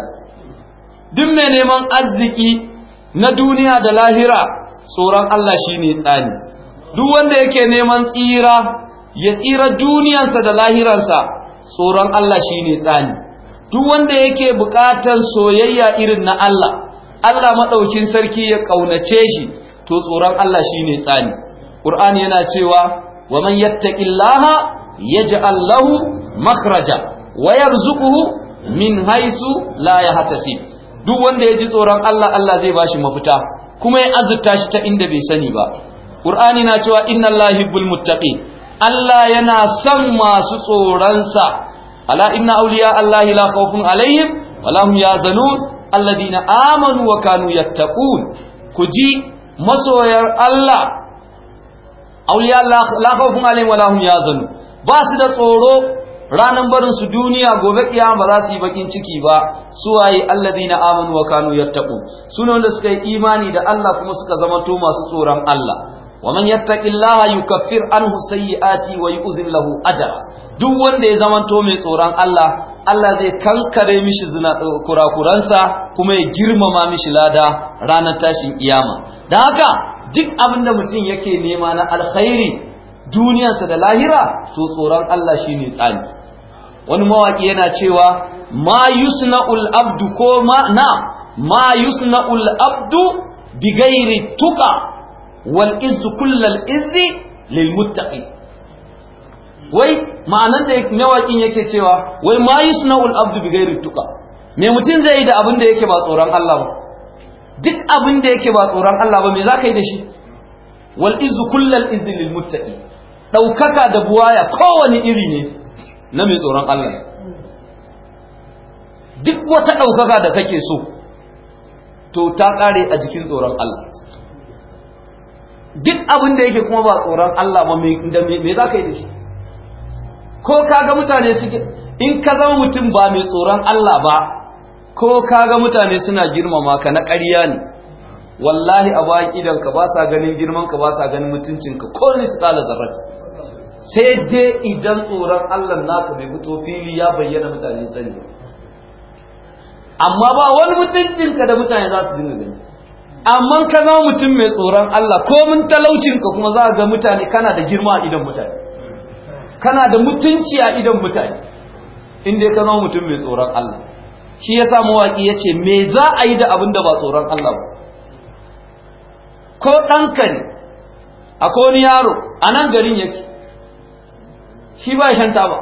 duk mai neman arziki na duniya da lahira tsoron Allah shi ne tsani duk wanda yake neman tsira ya tsira duniyarsa da lahiransa tsoron Allah shine tsani duk wanda yake buƙatar soyayya irin na Allah Allah madaukin sarki ya ƙaunace shi to tsoron Allah shine tsani Qur'ani yana cewa wa man yattaqillaha yaj'al lahu makhraja wa yarzuquhu min haisu la yahtasib duk wanda ya ji tsoron Allah Allah zai bashi mafita kuma ya azurta shi ta inda bai sani ba Qur'ani na cewa inna Allahi yuhibbul Allah yana son masu tsoronsa ala inna awliya Allahi la khawfun alaihim wa la hum yahzanun amanu wa kanu yattaqun ku ji masoyar Allah awliya la khawfun alaihim wa la hum ba su da tsoro ranan barin su duniya gobe kiyama ba za su yi bakin ciki ba Su suwaye alladhina amanu wa kanu yattaqun sunan da suka yi imani da Allah kuma suka zama to masu tsoron Allah ومن يتق الله يكفر عنه سيئاته ويؤذن له اجرا duk wanda ya zamanto mai tsoron Allah Allah zai kankare mishi zina kurakuransa kuma ya girmama mishi lada ranar tashin kiyama dan haka duk abin da mutum yake nema na alkhairi duniyarsa da lahira to tsoron Allah shine tsani wani mawaki yana cewa ma yusna'ul abdu ko ma na ma yusna'ul abdu bi tuka wal izzu kullal izzi lil muttaqi wai ma'anan da mawaƙin yake cewa wai ma yusna'ul abdu bi ghairi me mutum zai yi da abin da yake ba tsoron Allah ba duk abin da yake ba tsoron Allah ba me za ka yi da shi wal izzu kullal izzi lil muttaqi daukaka da buwaya kowane iri ne na mai tsoron Allah duk wata daukaka da kake so to ta kare a jikin tsoron Allah duk abin da yake kuma ba tsoron Allah ba me za ka yi da shi ko kaga mutane suke in ka zama mutum ba mai tsoron Allah ba ko kaga mutane suna girmama ka na ƙarya ne wallahi a bayan idan ka ba sa ganin girman ka ba sa ganin mutuncin ko ne su tsala zarar sai dai idan tsoron Allah naka bai fito fili ya bayyana mutane sani amma ba wani mutuncin da mutane za su dinga gani amma ka zama mutum mai tsoron Allah ko mun talaucinka kuma za ga mutane kana da girma a idan mutane kana da mutunci a idan mutane inda ka zama mutum mai tsoron Allah shi ya sa mawaƙi ya ce me za a yi da abin da ba tsoron Allah ba ko ɗanka ne ko wani yaro a nan garin yake shi ba shan taba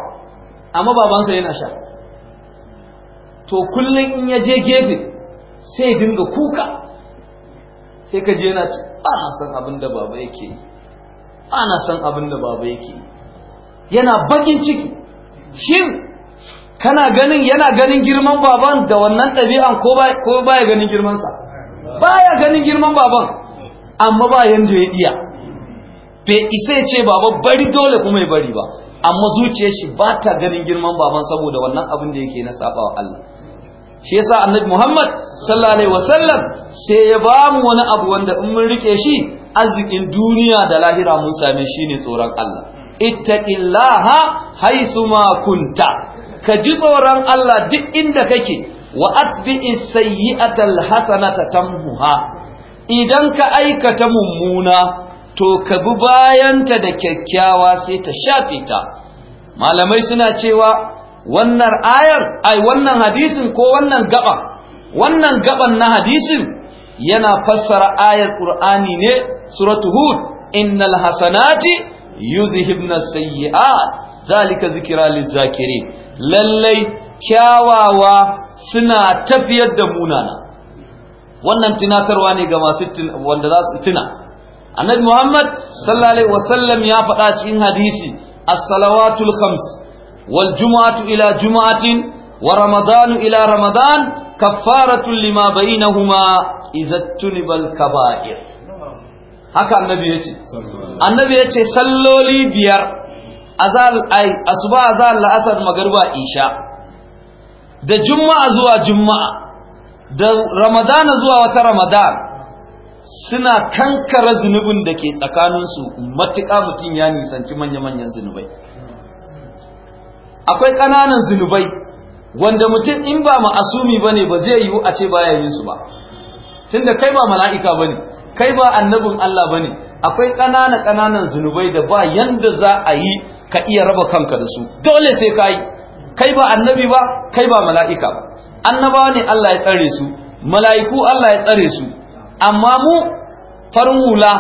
amma babansa yana sha to kullum in ya je gefe sai dinga kuka sai ka je yana ci ba san abin da baba yake yi ba na san abin da baba yake yana bakin ciki shin kana ganin yana ganin girman baban da wannan ɗabi'an ko ba ya ganin girmansa ba ya ganin girman baban amma ba yanda ya iya bai isa ya ce baba bari dole kuma ya bari ba amma zuciyar shi ba ta ganin girman baban saboda wannan abin da yake na sabawa Allah shi yasa annabi Muhammad sallallahu alaihi wasallam sai ya ba mu wani abu wanda in mun rike shi arzikin duniya da lahira mun same shi ne tsoron Allah ittaqillaha haisuma kunta ka ji tsoron Allah duk inda kake wa atbi'is sayyi'atal hasanata tamhuha idan ka aikata mummuna to ka bi bayanta da kyakkyawa sai ta shafe ta malamai suna cewa wannan ayar ai wannan hadisin ko wannan gaba wannan gaban na hadisin yana fassara ayar qur'ani ne suratu hud innal hasanati yuzhibna sayyi'at zalika zikra lizakirin lallai kyawawa suna tafiyar da munana wannan tunatarwa ne ga masu wanda za su tuna annabi muhammad sallallahu alaihi wasallam ya faɗa cikin hadisi as-salawatul khams wal ila jumu'atin wa ramadanu ila ramadan kaffaratun lima bainahuma idza haka annabi yace annabi yace salloli biyar azal ai asuba azal la'asar magriba isha da juma'a zuwa juma'a da ramadana zuwa wata ramadan suna kankara zunubin da ke tsakaninsu matuƙa mutum ya nisanci manya-manyan zunubai akwai ƙananan zunubai wanda mutum in ba ma'asumi bane ba zai yiwu a ce baya yin su ba tunda kai ba mala'ika bane kai ba annabin Allah bane akwai ƙanana ƙananan zunubai da ba yanda za a yi ka iya raba kanka da su dole sai ka yi kai ba annabi ba kai ba mala'ika ba annabawa ne Allah ya tsare su mala'iku Allah ya tsare su amma mu farin hula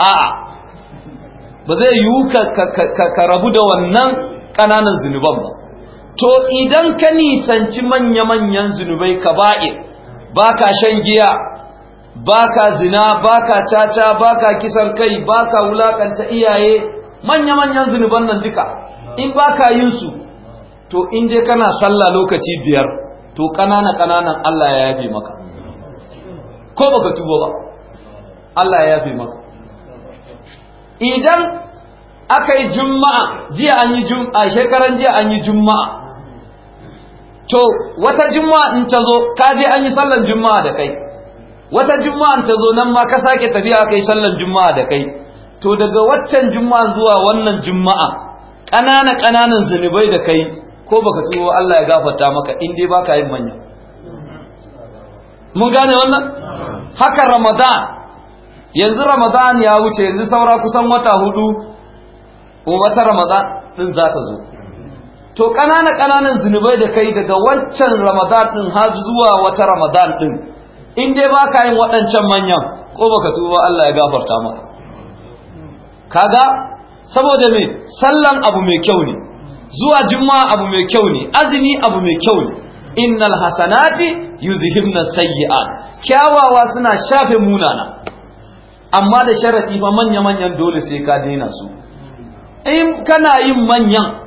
a'a ba zai yiwu ka rabu da wannan ƙananan zunuban ba to idan ka nisanci manya-manyan zunubai ka ba'ir ba ka shan giya ba ka zina ba ka caca ba ka kisan kai ba ka wulakanta iyaye manya-manyan zunuban nan duka in ba ka yin su to in dai kana sallah lokaci biyar to ƙanana-ƙananan Allah ya yafe maka ko baka tuba ba Allah ya yafe maka idan aka yi juma'a jiya an yi juma'a shekaran jiya an yi juma'a to wata juma'a in ta zo ka je an yi sallan juma'a da kai wata juma'a ta zo nan ma ka sake tafiya aka yi sallan juma'a da kai to daga waccan juma'a zuwa wannan juma'a ƙanana ƙananan zunubai da kai ko baka tuwo Allah ya gafarta maka in dai baka yin manya mun gane wannan haka ramadan yanzu ramadan ya wuce yanzu saura kusan wata hudu gobe wata ramadan din za ta zo to ƙananan ƙananan zunubai da kai daga wancan ramadan din har zuwa wata ramadan din in dai ba ka yin waɗancan manyan ko baka tuba Allah ya gafarta maka kaga saboda me sallan abu mai kyau ne zuwa juma'a abu mai kyau ne azumi abu mai kyau ne innal hasanati yuzhibna sayyi'at kyawawa suna shafe munana amma da sharadi fa manya manyan dole sai ka daina su in kana yin manyan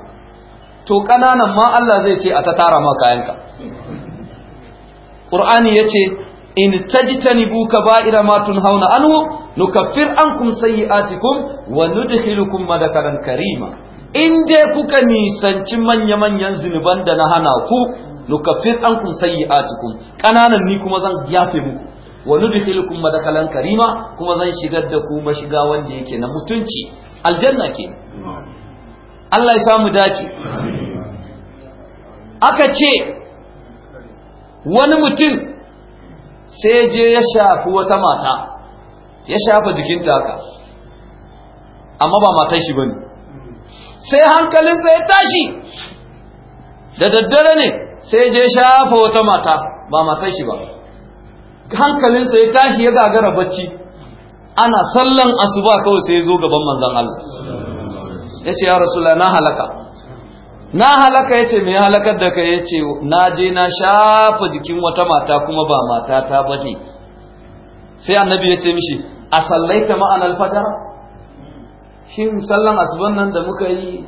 to ƙananan ma Allah zai ce a ta tara ma kayanka ƙur'ani ya ce in ba kaba'ira ma tunhauna anhu nukaffir ankum sayyi'atikum wa nudkhilukum madakaran karima in dai kuka nisanci manya-manyan zunuban da na hana ku nukaffir ankum sayyi'atikum ƙananan ni kuma zan yafe muku wa nudkhilukum madakaran karima kuma zan shigar da ku ma shiga wanda yake na mutunci aljanna kenan Allah ya samu dace aka ce wani mutum sai je ya shafi wata mata ya shafa jikinta haka amma ba matan shi bane sai hankalinsa ya tashi da daddare ne sai je shafa wata mata ba matan shi ba hankalinsa ya tashi ya gagara bacci ana sallan asuba kawai sai ya zo gaban manzon Allah ya ce ya rasu na halaka na halaka ya ce mai halakar da ka ya ce na je na shafa jikin wata mata kuma ba mata ta ba ne sai annabi ya ce mishi a sallaita ma'an alfadar shin sallan asuban nan da muka yi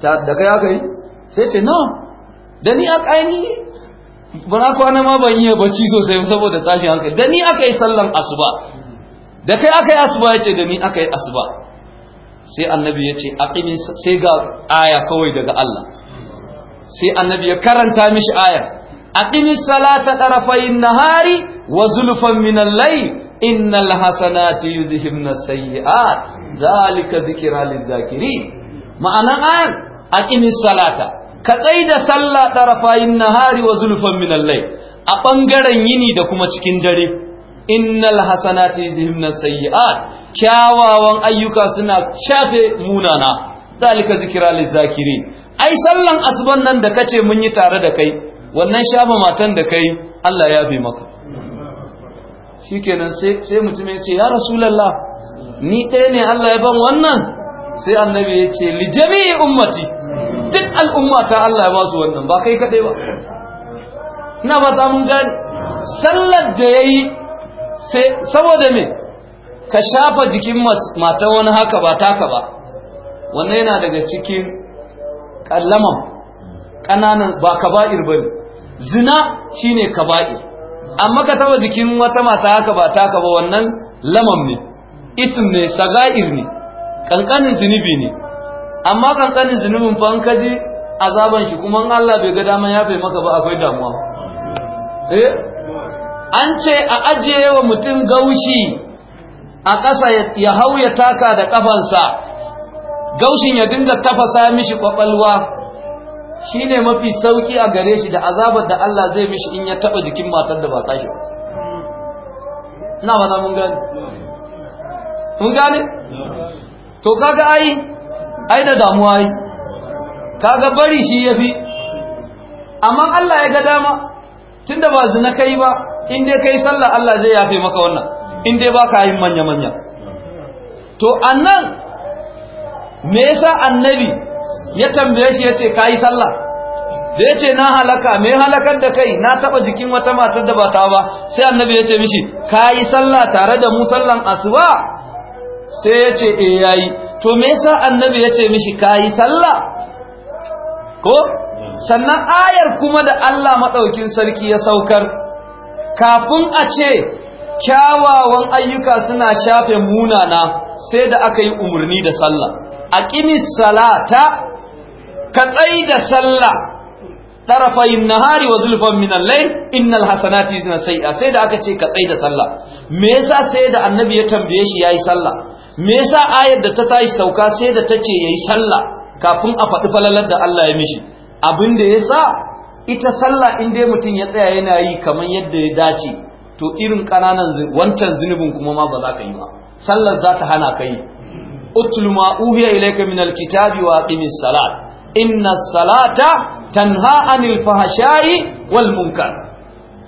da kai aka yi sai ce na da ni aka aini ba na kwana ma ban iya bacci sosai saboda tashin hankali da ni aka yi sallan asuba da kai aka yi asuba ya ce da ni aka yi asuba sai annabi ya ce aqimin sai ga aya kawai daga Allah sai annabi ya karanta mishi ayar aqimis salata tarafayn nahari wa zulfan min al-layl innal hasanati yuzhibna sayyi'at zalika dhikra lil-zakirin ma'anan ayar aqimis salata ka tsaida sallah tarafayn nahari wa zulfan min al-layl a bangaren yini da kuma cikin dare innal hasanati yuzhibna sayyi'at kyawawan ayyuka suna shafe munana zalika zikira lizakirin ai sallan asuban nan da kace mun yi tare da kai wannan shafa matan da kai Allah ya bi maka shikenan sai sai mutum ya ce ya rasulullah ni ɗaya ne Allah ya ban wannan sai annabi ya ce li jami'i ummati duk al'ummata Allah ya ba su wannan ba kai kadai ba ina ba ta mun gani sallar da yayi sai saboda me ka shafa jikin mata wani haka ba taka ba wannan yana daga cikin kallaman ƙananan ba kaba'ir ba ne zina shine kaba'ir amma ka taba jikin wata mata haka ba taka ba wannan lamam ne itin ne saga'ir ne kankanin zunubi ne amma kankanin zunubin fa an kaji azaban shi kuma in Allah bai ga dama ya bai maka ba akwai damuwa eh an ce a ajiye wa mutum gaushi a ƙasa ya hau ya taka da ƙafansa gaushin ya dinga tafasa mishi ƙwaƙwalwa shi ne mafi sauƙi a gare shi da azabar da Allah zai mishi in ya taɓa jikin matar da ba tashi ba na mun gani? mun gani? to kaga ai ai da damuwa ai kaga bari shi ya fi. amma Allah ya ga dama tunda ba zina kai ba in dai kai sallah Allah zai yafe maka wannan in dai baka yin manya-manya to annan me yasa annabi ya tambaye shi yace kai sallah da yace na halaka me halakar da kai na taba jikin wata matar da ba ta ba sai annabi yace mishi kai sallah tare da mu sallan asuba sai yace eh yayi to me yasa annabi yace mishi kai sallah ko sannan ayar kuma da Allah madaukin sarki ya saukar kafin a ce kyawawan ayyuka suna shafe munana sai da aka yi umarni da sallah A aqimis salata ka tsai da sallah tarafayin nahari wa zulfan min al-layl innal hasanati yuzna sayi'a sai da aka ce ka tsai da sallah me yasa sai da annabi ya tambaye shi yayi sallah me yasa ayar da ta tashi sauka sai da ta ce yayi sallah kafin a faɗi falalar da Allah ya mishi abin da yasa ita sallah in dai mutum ya tsaya yana yi kamar yadda ya dace to irin ƙananan wancan zunubin kuma ma ba za ka yi ba sallar za ta hana ka yi utlu ma uhiya ilayka min alkitabi wa aqimis salat inna salata tanha anil fahsha'i wal munkar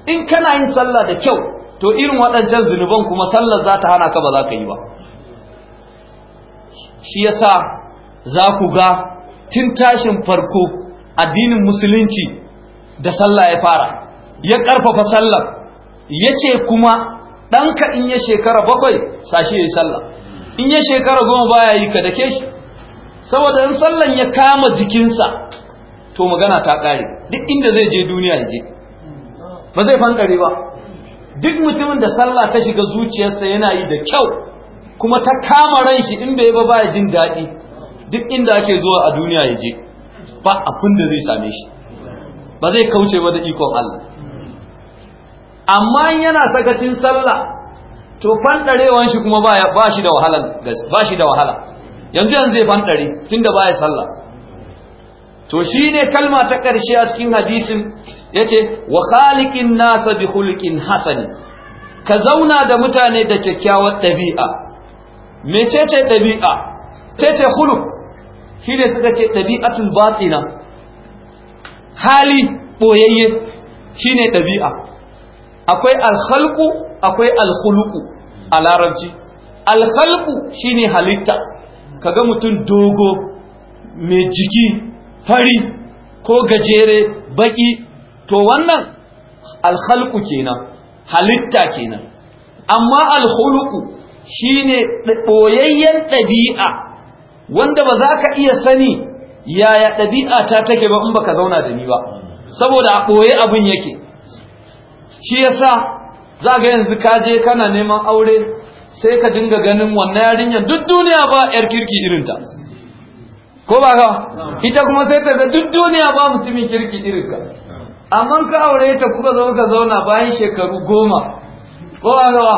in kana yin sallah da kyau to irin waɗancan zunuban kuma sallar za ta hana ka ba za ka yi ba shi yasa za ku ga tun tashin farko addinin musulunci da sallah ya fara ya ƙarfafa sallar yace kuma ɗanka in ya shekara bakwai sashi ya yi sallah in ya shekara goma baya yi ka dake shi saboda in sallan ya kama jikinsa to magana ta ƙare duk inda zai je duniya ya je ba zai fankare ba duk mutumin da sallah ta shiga zuciyarsa yana yi da kyau kuma ta kama ran shi in ya ba baya jin daɗi duk inda ake zuwa a duniya ya je ba abin da zai same shi ba zai kauce ba da ikon Allah amma yana sakacin sallah to fandarewan shi kuma ba shi da wahala ba shi da wahala yanzu yanzu zai fandare tunda baya sallah to shine kalma ta karshe a cikin hadisin yace wa khaliqin nasa bi khulqin hasani ka zauna da mutane da kyakkyawar dabi'a mecece dabi'a tace khuluq shine suka ce dabi'atul batina hali boyayye shine dabi'a akwai alhalku akwai alhuluku a larabci alhalku shine halitta kaga mutum dogo mai jiki fari ko gajere baki to wannan alhalku kenan halitta kenan amma shi shine ɓoyayyen ɗabi'a wanda ba za ka iya sani yaya ɗabi'a ta take ba in baka zauna da ni ba saboda a ɓoye abin yake shi yasa za ga yanzu ka je kana neman aure sai ka dinga ganin wannan yarinyar duk duniya ba yar kirki irinta ko ba ka ita kuma sai ta ga duk duniya ba mutumin kirki irinka amma ka aure ta kuka zo ka zauna bayan shekaru goma ko ba ka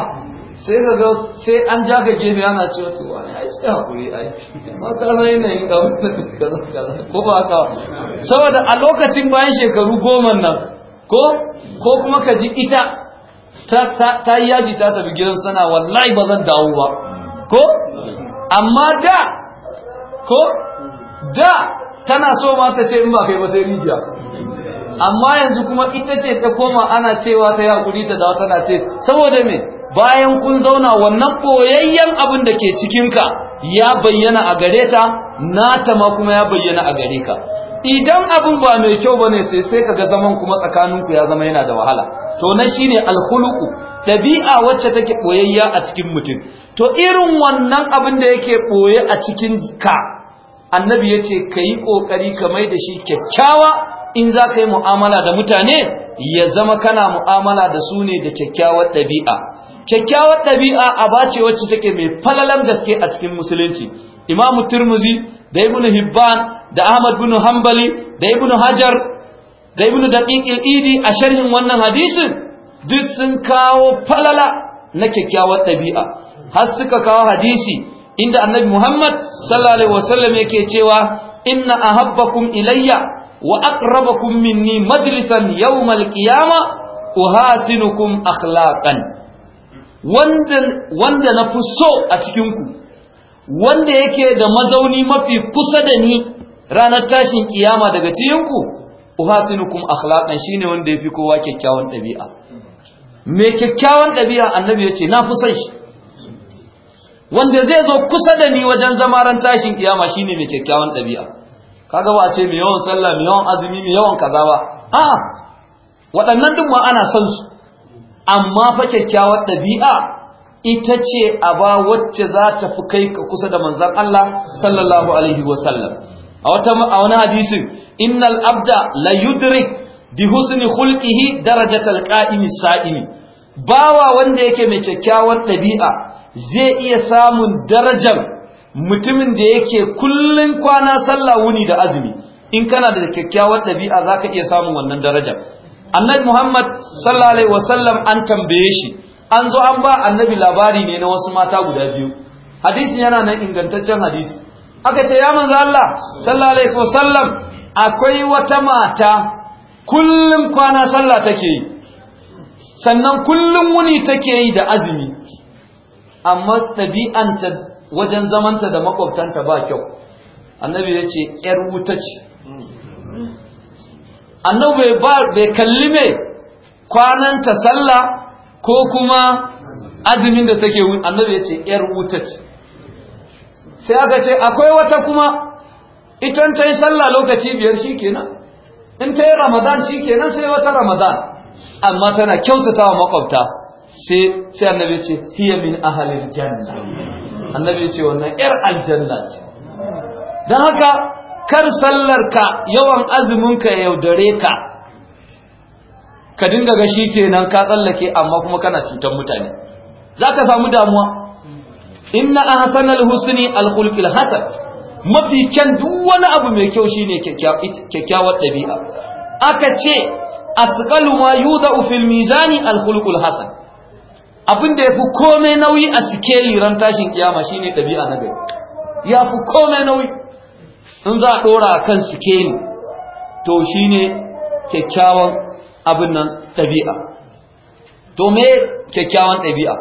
sai ka ga sai an ja ka gefe ana cewa to wani ai sai hakuri ai amma ka zai san yanayin ka [laughs] ko ba ka saboda a lokacin bayan shekaru goma nan ko ko kuma ka ji ita ta yi yaji ta tafi gidan sana wallahi ba zan dawo ba ko amma da ko da tana so ma ta ce in ba kai ba sai rijiya amma yanzu kuma ita ce ta koma ana cewa ta kuri ta dawo tana ce saboda me bayan kun zauna wannan ɓoyayyen abin da ke cikinka ya bayyana a gare ta nata ma kuma ya bayyana a gare ka idan abin ba mai kyau bane sai sai kaga zaman kuma tsakaninku ya zama yana da wahala to nan shine alkhuluqu dabi'a wacce take boyayya a cikin mutum to irin wannan abin da yake boye a cikin ka annabi yace kai kokari ka mai da shi kyakkyawa in za ka yi mu'amala da mutane ya zama kana mu'amala da su ne da kyakkyawar ɗabi'a kyakkyawar ɗabi'a a bace wacce take mai falalan gaske a cikin musulunci Imam turmuzi da ibn hibban da ahmad bin hanbali da ibn hajar da ibn daqiqil idi a sharhin wannan hadisin duk sun kawo falala na kyakkyawar ɗabi'a har suka kawo hadisi inda annabi muhammad sallallahu alaihi wasallam yake cewa inna ahabbakum ilayya wa aqrabakum minni majlisan yawmal qiyamah uhasinukum akhlaqan wanda na fi so a cikinku wanda yake da mazauni mafi kusa da ni ranar tashin kiyama daga cikinku uhasinukum akhlaqan shine wanda yafi kowa kyakkyawan dabi'a me kyakkyawan dabi'a annabi yace na fi son shi wanda zai zo kusa da ni wajen zama ran tashin kiyama shine mai kyakkyawan dabi'a kaga ba a ce mai yawan sallah mai yawan azumi mai yawan kaza ba a waɗannan duk ma ana son su amma fa kyakkyawar ɗabi'a ita ce a ba wacce za ta fi kai ka kusa da manzan Allah sallallahu alaihi wasallam a wani hadisin innal abda la yudrik bi husni khulqihi darajatal qa'imi sa'imi bawa wanda yake mai kyakkyawar ɗabi'a zai iya samun darajar mutumin da yake kullun kwana sallah wuni da azumi in kana da kyakkyawar ɗabi'a zaka iya samun wannan darajar annabi muhammad sallallahu alaihi wasallam an tambaye shi an zo an ba annabi labari ne na wasu mata guda biyu hadisin yana nan ingantaccen hadisi aka ce ya manzo Allah sallallahu alaihi wasallam akwai wata mata kullum kwana sallah take yi sannan kullum wuni take yi da azumi amma ɗabi'anta wajen zamanta da makwabtanta ba kyau annabi ya ce ‘yar wuta ce annabi bai kalli me kwananta sallah ko kuma azumin da take wuni annabi ya ce ‘yar wuta ce sai aka ce akwai wata kuma itan ta yi sallah lokaci biyar shi kenan in ta yi ramadan shi kenan sai wata ramadan amma tana kyautata wa makwabta sai annabi ce hiya min ahalil janna annabi ce wannan ‘yar aljanna ce don haka kar sallarka yawan azuminka yaudare ka ka dinga ga shi kenan ka tsallake amma kuma kana cutar mutane za ka samu damuwa inna ahsanal husni alkhulqil hasan mafi kyan duk wani abu mai kyau shine kyakkyawar ɗabi'a. aka ce asqalu ma yudau fil mizani alkhulqul hasan abin da yafi komai nauyi a sikeli ran tashin kiyama shine ɗabi'a na gari fi komai nauyi in za a ɗora a kan ni, to shi ne kyakkyawan abin nan ɗabi'a to me kyakkyawan ɗabi'a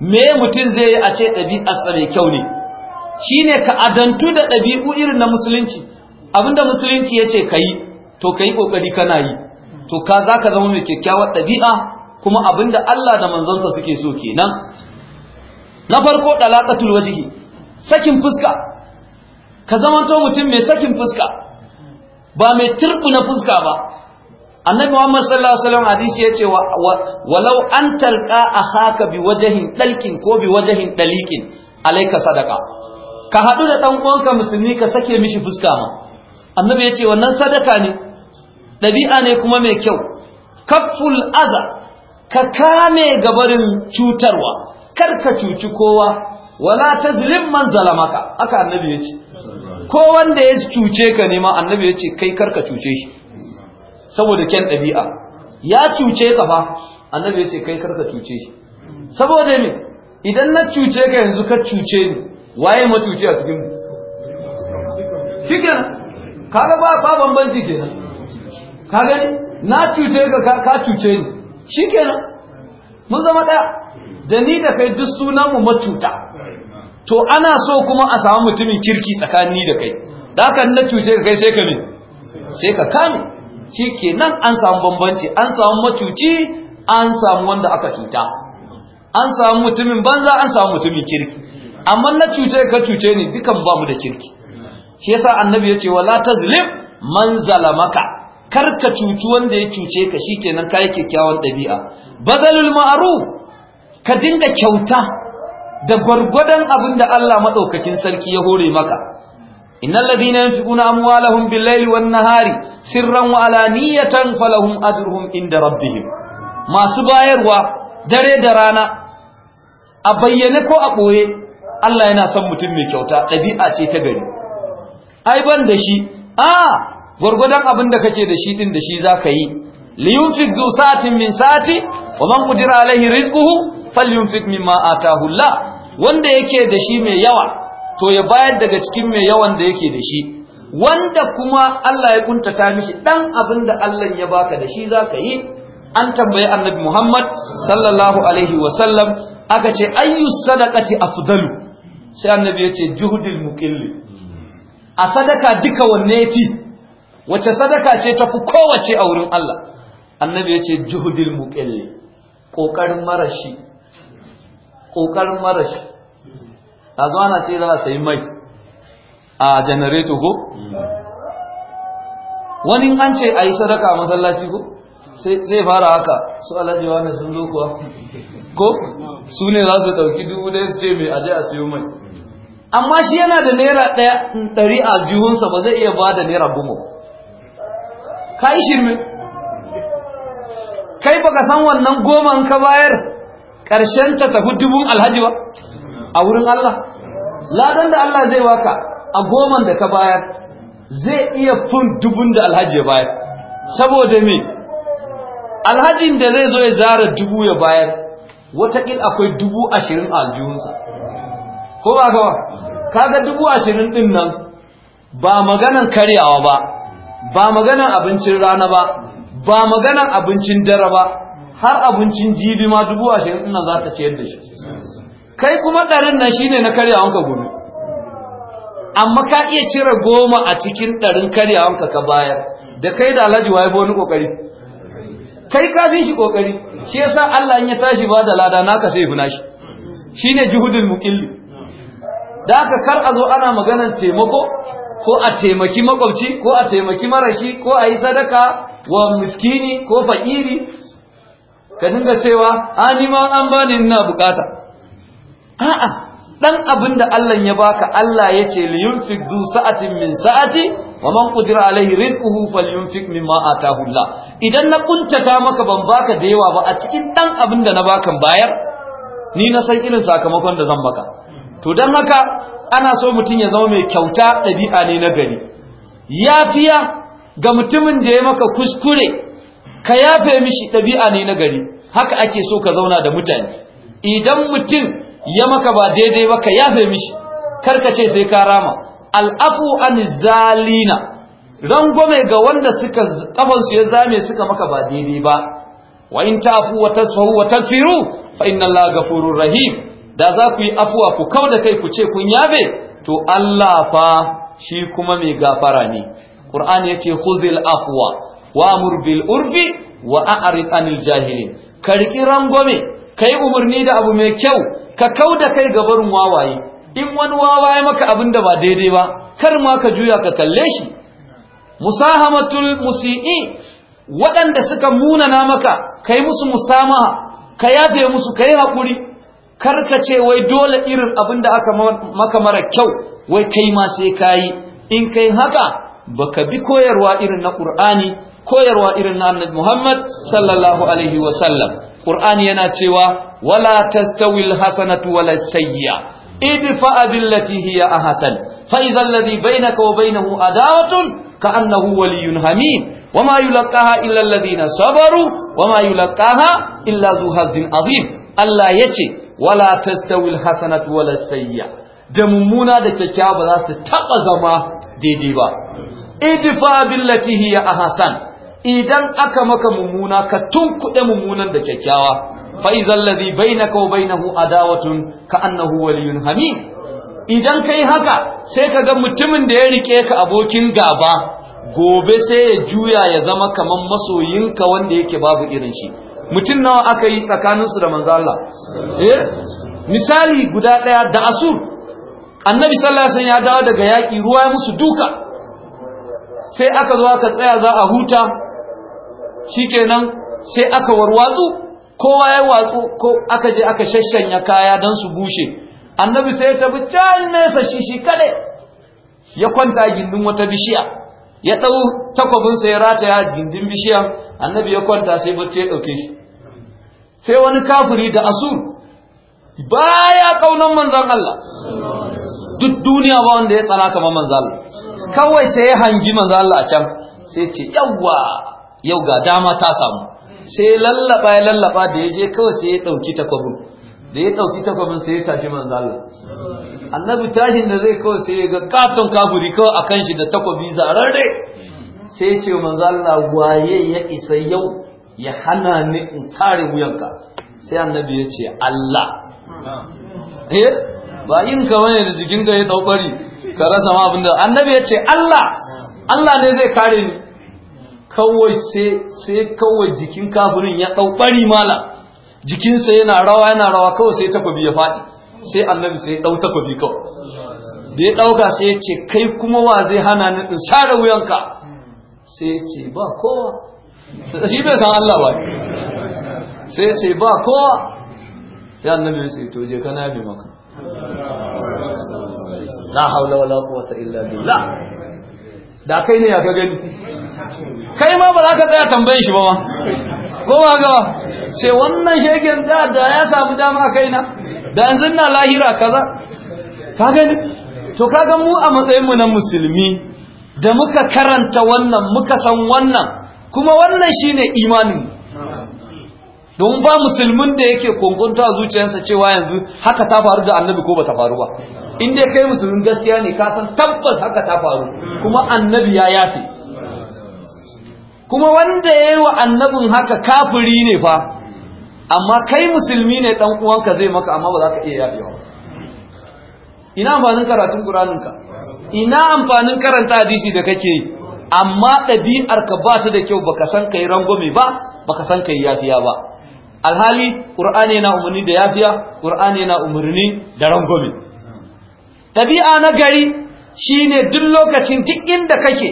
me mutum zai yi a ce ɗabi'arsa mai kyau ne shi ne ka adantu da ɗabi'u irin na musulunci abinda musulunci ya ce ka yi to ka yi ƙoƙari kana yi to ka za ka zama mai kyakkyawar ɗabi'a kuma abinda Allah da manzansa suke so kenan na farko ɗalaƙatul wajihi sakin fuska ka zamanto mutum mai sakin fuska ba mai turku na fuska ba annabi Muhammad sallallahu alaihi wasallam hadisi yace walau an talqa ahaka bi wajhin dalkin ko bi wajhin dalikin alayka sadaqa ka hadu da dan uwanka musulmi ka sake mishi fuska ma annabi yace wannan sadaka ne dabi'a ne kuma mai kyau kaful adha ka kame gabarin cutarwa kar ka cuci kowa wala tazlim man zalamaka aka annabi yace ko wanda ya cuce ka nema ma annabi yace kai karka cuce shi saboda kyan dabi'a ya cuce ka fa annabi yace kai karka cuce shi saboda me idan na cuce ka yanzu ka cuce ni waye ma cuce a cikin mu shikenan kaga ba ba bambanci kenan kaga na cuce ka ka cuce ni shikenan mun zama daya da ni da kai duk suna mu matuta to ana so kuma a samu mutumin kirki tsakani da kai da haka na cuce ka kai sai ka ne sai ka kan shi kenan an samu bambanci an samu matuci an samu wanda aka cuta an samu mutumin banza an samu mutumin kirki amma na cuce ka cuce ni dukan ba da kirki shi yasa annabi ya ce wala tazlim man zalamaka karka cuci wanda ya cuce ka kenan kai kyakkyawan dabi'a bazalul ma'ruf ka dinga kyauta da gwargwadon abin da Allah maɗaukakin sarki ya hore maka innal ladina yunfiquna amwalahum bil-laili wan-nahari sirran wa alaniyatan falahum ajruhum inda rabbihim masu bayarwa dare da rana a bayyane ko a ɓoye Allah yana son mutum mai kyauta ɗabi'a ce ta gari ai ban da shi a gwargwadon abin da kake da shi din da shi zaka yi liyunfiq zu sa'atin min sa'ati wa man qadira alaihi rizquhu falyunfik mimma atahu hula, wanda yake da shi mai yawa to ya bayar daga cikin mai yawan da yake da shi wanda kuma Allah ya kuntata mishi dan abin da Allah ya baka da shi zaka yi an tambayi annabi Muhammad sallallahu alaihi wa sallam aka ce ayyu sadaqati afdalu sai annabi ya ce juhudul muqill a sadaka duka wanne yafi wace sadaka ce ta fi kowace a wurin Allah annabi ya ce juhudul ƙoƙarin kokarin marashi ƙoƙarin marashi a zuwa na ce za a sayi mai a janareto ko wani an ce a yi sadaka a masallaci ko sai fara haka su alhaji wani sun zo kuwa ko su ne za su ɗauki dubu ɗaya su ce mai aje a siyo mai amma shi yana da naira ɗaya ɗari a juhunsa ba zai iya ba da naira goma ka yi shirme kai baka san wannan goma in ka bayar ƙarshen ta tafi dubun alhaji ba a wurin Allah ladan da Allah zai waka a goman da ka bayar zai iya fun dubun da alhaji ya bayar saboda me alhajin da zai zo ya zara dubu ya bayar watakil akwai dubu ashirin a aljihunsa ko ba ka ba kaga dubu ashirin din nan ba maganan karyawa ba ba maganan abincin rana ba ba maganan abincin dare ba har abincin jibi ma dubu ashirin ina za ta ciyar da shi kai kuma ɗarin nan shine na karyawanka gobe amma ka iya cire goma a cikin ɗarin karyawanka ka baya, da kai da alhaji wa yabo wani ƙoƙari kai ka fi shi ƙoƙari shi yasa Allah ya tashi ba da lada naka sai shi. Shi shine juhudul muqilli da aka kar a zo ana maganar taimako ko a taimaki makwabci ko a taimaki marashi ko a yi sadaka wa miskini ko fa'iri ka dinga cewa a ma an bani ina bukata a'a dan abin da Allah ya baka Allah ya ce li yunfik du sa'atin min sa'ati wa man qadira alaihi rizquhu falyunfik mimma atahu Allah idan na kuntata maka ban baka da yawa ba a cikin dan abin da na baka bayar ni na san irin sakamakon da zan baka to dan haka ana so mutun ya zama mai kyauta dabi'a ne na gari yafiya ga mutumin da ya maka kuskure ka yafe mishi ɗabi'a ne na gari haka ake so ka zauna da mutane idan mutum ya maka ba daidai ba ka yafe mishi ka ce sai ka rama al'afu an zalina rangwame ga wanda suka kafansu ya zame suka maka ba daidai ba wa in tafu wa tasfahu wa tagfiru fa inna allaha ghafurur rahim da za ku yi afuwa ku kau da kai ku ce kun yabe to Allah fa shi kuma mai gafara ne Qur'ani yace khuzil afwa Wa bil urfi wa a'rid anil jahilin karki rangome kai umarni da abu mai kyau ka kau da kai gabarin wawaye in wani wawaye maka abin da ba daidai ba kar ma ka juya ka kalle shi musahamatul musii waɗanda suka munana maka kai musu musamaha ka yafe musu kai hakuri kar ka ce wai dole irin abin da aka maka mara kyau wai kai ma sai kayi in kai haka baka bi koyarwa irin na Qur'ani koyarwa irin na annabi Muhammad sallallahu alaihi wa sallam Qur'ani yana cewa wala tastawil hasanatu wala sayya idfa billati hiya ahsan fa idha alladhi bainaka wa bainahu adawatun annahu waliyyun hamim wama yulqaha illa alladhina sabaru wama yulqaha illa zu hazzin azim Allah yace wala tastawil hasanatu wala sayya da mummuna da kyakkyawa ba za su taba zama daidai ba idfa billati hiya ahsan idan aka maka mummuna ka tunkuɗe mumunan da kyakkyawa fa izal ladhi bainaka wa bainahu adawatun ka annahu waliyun hamim idan kai haka sai ka ga mutumin da ya rike ka abokin gaba gobe sai ya juya ya zama kamar masoyinka wanda yake babu irin shi mutum nawa aka yi tsakaninsu da manzo Allah eh? misali guda ɗaya da asur annabi sallallahu alaihi wasallam ya dawo daga yaki ruwa ya musu duka sai aka zo aka tsaya za a huta shikenan sai aka warwatsu kowa ya watsu ko aka je aka shashanya kaya don su bushe annabi sai ya tafi can nesa shi shi kade ya kwanta gindin wata bishiya ya ɗau sa ya rataya gindin bishiya. annabi ya kwanta sai bacci ya dauke shi sai wani kafiri da asur baya kaunan manzan Allah duk duniya ba wanda ya tsana kamar manzon Allah kawai sai ya hangi manzan Allah a can sai ce yawwa yau ga dama ta samu sai lallaba ya lallaba da ya je kawai sai ya ɗauki takwabin da ya ɗauki takwabin sai ya tashi manzala annabi tashin da zai kawai sai ya ga katon kafuri kawai a kan shi da takwabi zararre sai ya ce manzala waye ya isa yau ya hana ni in tare wuyanka sai annabi ya ce Allah eh ba yin ka ne da jikinka ya ɗau ka rasa ma abinda annabi ya ce Allah Allah ne zai kare ni kawai sai kawai jikin kafinin ya ɗau ɓari mala jikinsa yana rawa yana rawa kawai sai takobi ya faɗi sai annabi sai ya ɗau takobi kawai da ya ɗauka sai ya ce kai kuma wa zai hana ni in sare wuyanka sai ya ce ba kowa shi bai san Allah ba sai ya ce ba kowa sai annabi ya ce to je kana bi maka la haula wala quwwata illa billah da kai ne ya ka gani kai ma ba za ka tsaya tambayin shi ba ma ko ba ga ba ce wannan shegen da da ya samu dama a kaina da yanzu na lahira kaza ka gani to kaga mu a matsayin mu na musulmi da muka karanta wannan muka san wannan kuma wannan shine imanin mu don ba musulmin da yake kunkunta zuciyarsa cewa yanzu haka ta faru da annabi ko ba ta faru ba in dai kai musulmin gaskiya ne ka san tabbas haka ta faru kuma annabi ya yafe kuma wanda ya yi wa annabin haka kafiri ne fa amma kai musulmi ne dan uwanka zai maka amma ba za ka iya yafewa ina amfanin karatun ƙuraninka ina amfanin karanta hadisi da kake yi amma ɗabi'arka ba ta da kyau baka san kai rangwame ba baka san kai yafiya ba alhali ƙur'ani yana umarni da yafiya ƙur'ani yana umarni da rangwame ɗabi'a na gari shine duk lokacin duk inda kake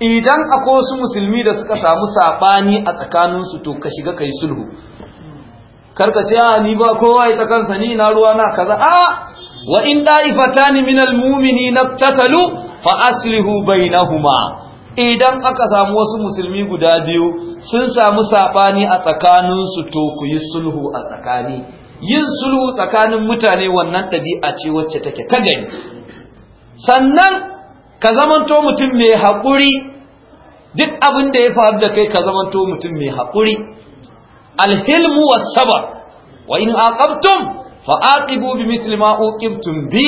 idan akwai wasu musulmi da suka samu saɓani a tsakaninsu to ka shiga ka yi sulhu karka ce a ah, ni ba kowa ita kansa ni na ruwa na kaza a wa in da'ifatani minal mu'mini naftatalu fa aslihu bainahuma idan aka samu wasu musulmi guda biyu sun samu saɓani a tsakaninsu to ku yi sulhu a tsakani yin sulhu tsakanin mutane wannan ɗabi'a ce wacce take ta gani sannan ka zamanto mutum mai haƙuri duk abin da ya faru da kai ka zamanto mutum mai haƙuri alhilmu wasabar wa in aqabtum fa aqibu bi misli ma uqibtum bi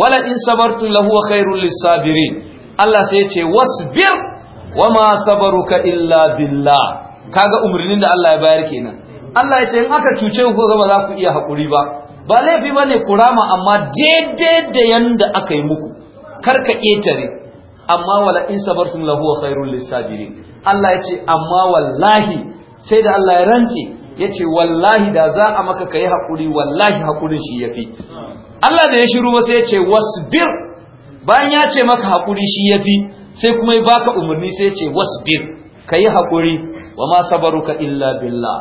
wala in sabartum lahu khairul lisabirin Allah sai ya ce wasbir wama sabaruka illa billah kaga umarnin da Allah ya bayar kenan Allah ya ce in aka cuce ku ga ba za ku iya hakuri ba ba laifi bane ku rama amma daidai da yanda aka yi muku kar ka amma wala in sabartum lahu khairul lisabirin Allah ya ce amma wallahi sai da Allah ya rantsi yace wallahi da za a maka kai hakuri wallahi hakurin shi yafi Allah da ya shiru ba sai ya ce wasbir bayan ya ce maka hakuri shi yafi sai kuma ya baka umarni sai ya ce wasbir kayi hakuri wa ma sabaruka illa billah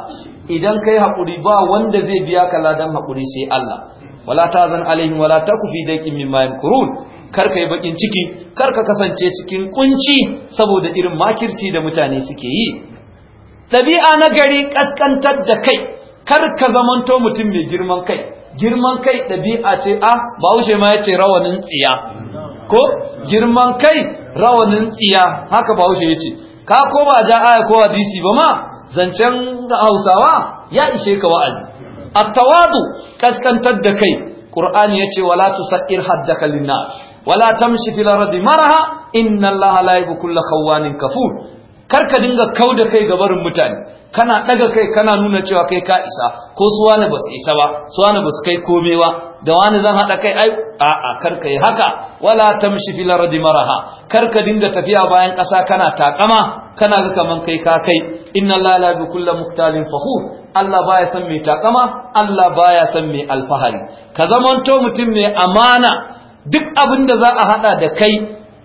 idan kai hakuri ba wanda zai biya ka ladan hakuri sai Allah wala tazan alaihim wala ku fi daikin mimma yamkurun kar yi bakin ciki kar ka kasance cikin kunci saboda irin makirci da mutane suke yi ɗabi'a na gari kaskantar da kai kar ka zamanto mutum mai girman kai girman kai ɗabi'a ce a ah, bahaushe ma yace rawanin tsiya ko girman kai rawanin tsiya haka bahaushe ya ce ka ko ba ja aya ko hadisi ba ma zancen hausawa ya ishe ka wa'azi at-tawadu kaskantar da kai qur'ani ce, wala tusakir haddaka lina wala tamshi fil ardi maraha inna allaha la yuhibbu kulla khawanin kafur karka dinga da kai ga barin mutane kana daga kai kana nuna cewa kai ka isa ko suwana basu isa ba suwana basu kai komewa da wani zan haɗa kai ai a'a karka yi haka wala tamshi fil ardi maraha karka dinga tafiya bayan ƙasa kana takama kana ga kaman kai ka kai inna na la bi kulli muhtalin fahu Allah baya san mai takama Allah baya san mai alfahari ka zamanto mutum ne amana duk abin da za a haɗa da kai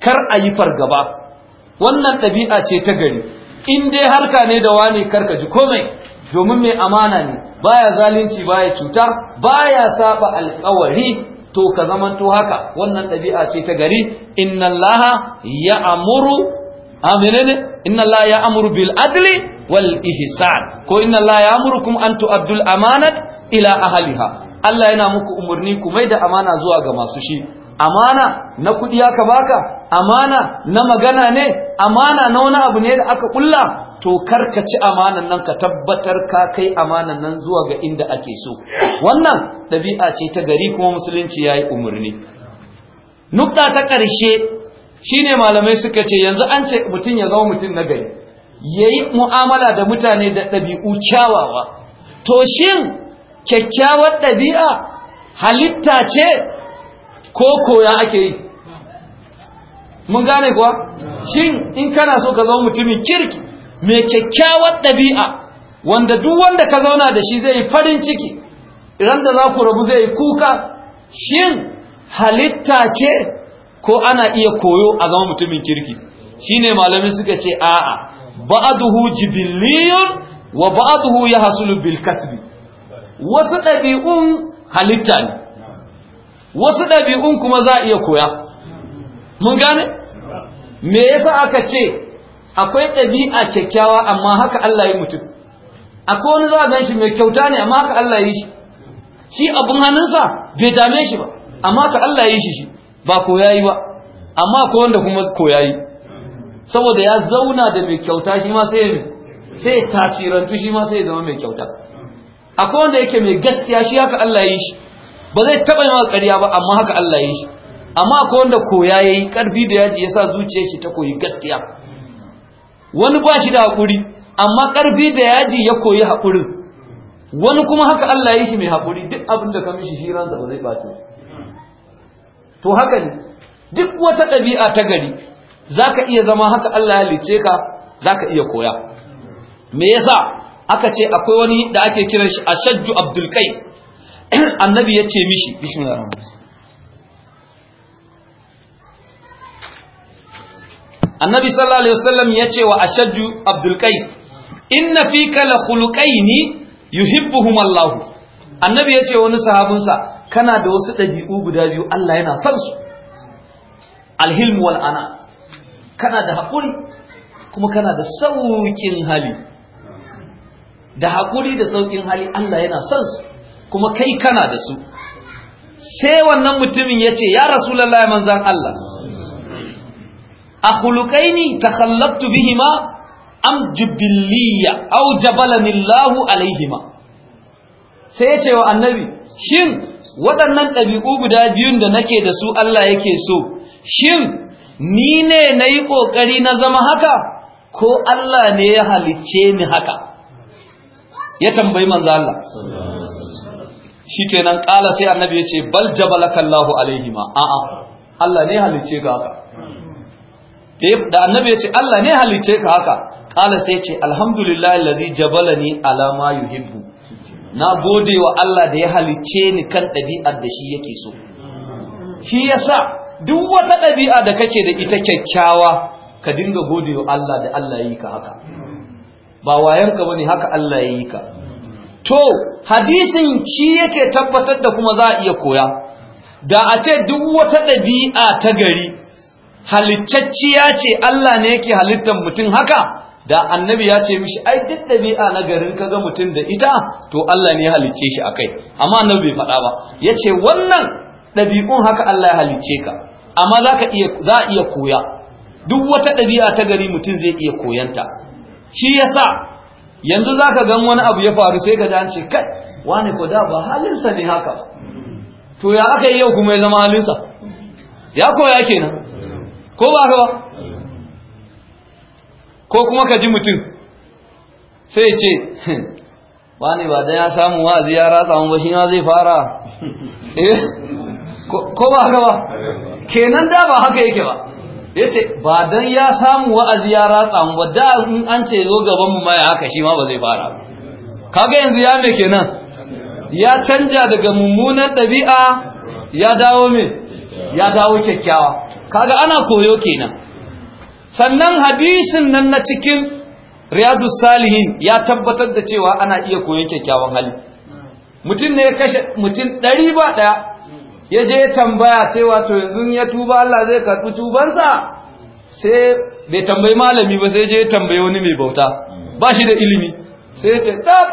kar a yi fargaba wannan ɗabi'a ce ta gari in dai harka ne da wani karka ji komai domin mai amana ne baya zalunci baya cuta baya saba alƙawari to ka zamanto haka wannan ɗabi'a ce ta gari inna ya amuru aminene inna ya amuru bil adli wal ihsan ko inna ya amurukum an tu'addul amanat ila ahliha Allah yana muku umurni ku mai da amana zuwa ga masu shi amana na kudi aka baka amana na magana ne amana na wani abu ne da aka ƙulla? to karka ci amanan nan ka tabbatar ka kai amanan nan zuwa ga inda ake so wannan ɗabi'a ce ta gari kuma musulunci ya yi umarni nukta ta ƙarshe shine malamai suka ce yanzu an ce mutum ya zama mutum na gari ya yi mu'amala da mutane da ɗabi'u kyawawa to shin kyakkyawar ɗabi'a halitta ce ko koya ake yi mun gane kuwa shin in kana so ka zama mutumin kirki mai kyakkyawar ɗabi'a wanda duk wanda ka zauna da shi zai yi farin ciki idan da za ku rabu zai yi kuka shin halitta ce ko ana iya koyo a zama mutumin kirki shine malamin suka ce a'a ba'aduhu jibiliyun wa ba'aduhu ya hasulu bil kasbi wasu ɗabi'un halitta ne wasu ɗabi'un kuma za a iya koya mun gane me yasa aka ce akwai ɗabi'a kyakkyawa amma haka Allah ya mutum akwai wani za a gan shi mai kyauta ne amma haka Allah ya yi shi shi abin hannunsa bai dame shi ba amma haka Allah ya yi shi shi ba yi ba amma akwai wanda kuma yi, saboda ya zauna da mai kyauta shi ma sai sai tasirantu shi ma sai ya zama mai kyauta akwai wanda yake mai gaskiya shi haka Allah ya yi shi ba zai taɓa yawan ƙarya ba amma haka Allah ya yi shi amma akwai wanda koya yayi ƙarfi da yaji yasa zuciyar shi ta koyi gaskiya wani ba shi da haƙuri amma ƙarfi da yaji ya koyi haƙurin wani kuma haka Allah ya shi mai haƙuri duk abin da ka mishi shi ranta ba zai ɓace to haka ne duk wata ɗabi'a ta gari za ka iya zama haka Allah ya lice ka za ka iya koya me yasa aka ce akwai wani da ake kiran shi ashajju abdulkai [clears throat] annabi ya ce mishi bismillahir annabi sallallahu alaihi wasallam ya ce wa ashajju abdul qais inna fika la khuluqaini yuhibbuhum allah annabi ya ce wani sahabinsa kana da wasu ɗabi'u guda biyu Allah yana son su alhilmu wal ana kana da hakuri kuma kana da sauƙin hali da haƙuri da sauƙin hali Allah yana son su kuma kai kana da su sai wannan mutumin ya ce ya rasulullahi manzan Allah akhuluqaini takhallaqtu bihima am jubilliya aw jabalani Allahu alaihima sai ya ce wa annabi shin waɗannan ɗabi'u guda biyun da nake da su Allah yake so shin ni ne na yi ƙoƙari na zama haka ko Allah ne ya halicce ni haka ya tambayi manzo Allah shikenan ƙala sai annabi ya ce bal jabalaka Allahu alaihima a'a Allah ne halicce ka haka da annabi ya ce Allah ne halice ka haka kala sai ce alhamdulillah allazi jabalani ala ma yuhibbu na gode wa Allah da ya halice ni kan ɗabi'ar da shi yake so shi yasa duk wata ɗabi'a da kake da ita kyakkyawa ka dinga gode wa Allah da Allah ya yi ka haka ba wayan ka bane haka Allah ya yi ka to hadisin shi yake tabbatar da kuma za a iya koya da a ce duk wata ɗabi'a ta gari halittacciya ce Allah ne yake halittar mutum haka da annabi ya ce mishi ai duk dabi'a na garin kaga mutum da ita to Allah ne ya halicce shi akai amma annabi bai faɗa ba yace wannan ɗabi'un haka Allah ya halicce ka amma zaka iya za iya koya duk wata ɗabi'a ta gari mutum zai iya koyanta shi yasa yanzu zaka gan wani abu ya faru sai ka dace kai Wani ko da ba halinsa ne haka to ya aka yau kuma ya zama halinsa ya koya kenan ko ba haka ba ko kuma ka ji mutum sai ce ba hmm, ne ba dan ya samu wa'azi ya ratsa mun ba shi ma zai fara [laughs] eh ko ba haka ba kenan da ba haka yake ba ya ce ba dan ya samu wa'azi ya ratsa mun ba da in an ce zo gaban mu mai haka shi ma ba zai fara kaga yanzu ya me kenan ya canja daga mummunan ɗabi'a ya dawo me ya dawo kyakkyawa kaga ana koyo kenan sannan hadisin nan na cikin riyadu salihin ya tabbatar da cewa ana iya koyon kyakkyawan hali mutum ne ya kashe mutum ɗari ba ɗaya ya je ya tambaya cewa to yanzu ya tuba Allah zai karɓi tubansa sai bai tambayi malami ba sai je ya tambayi wani mai bauta ba shi da ilimi sai ya ce tab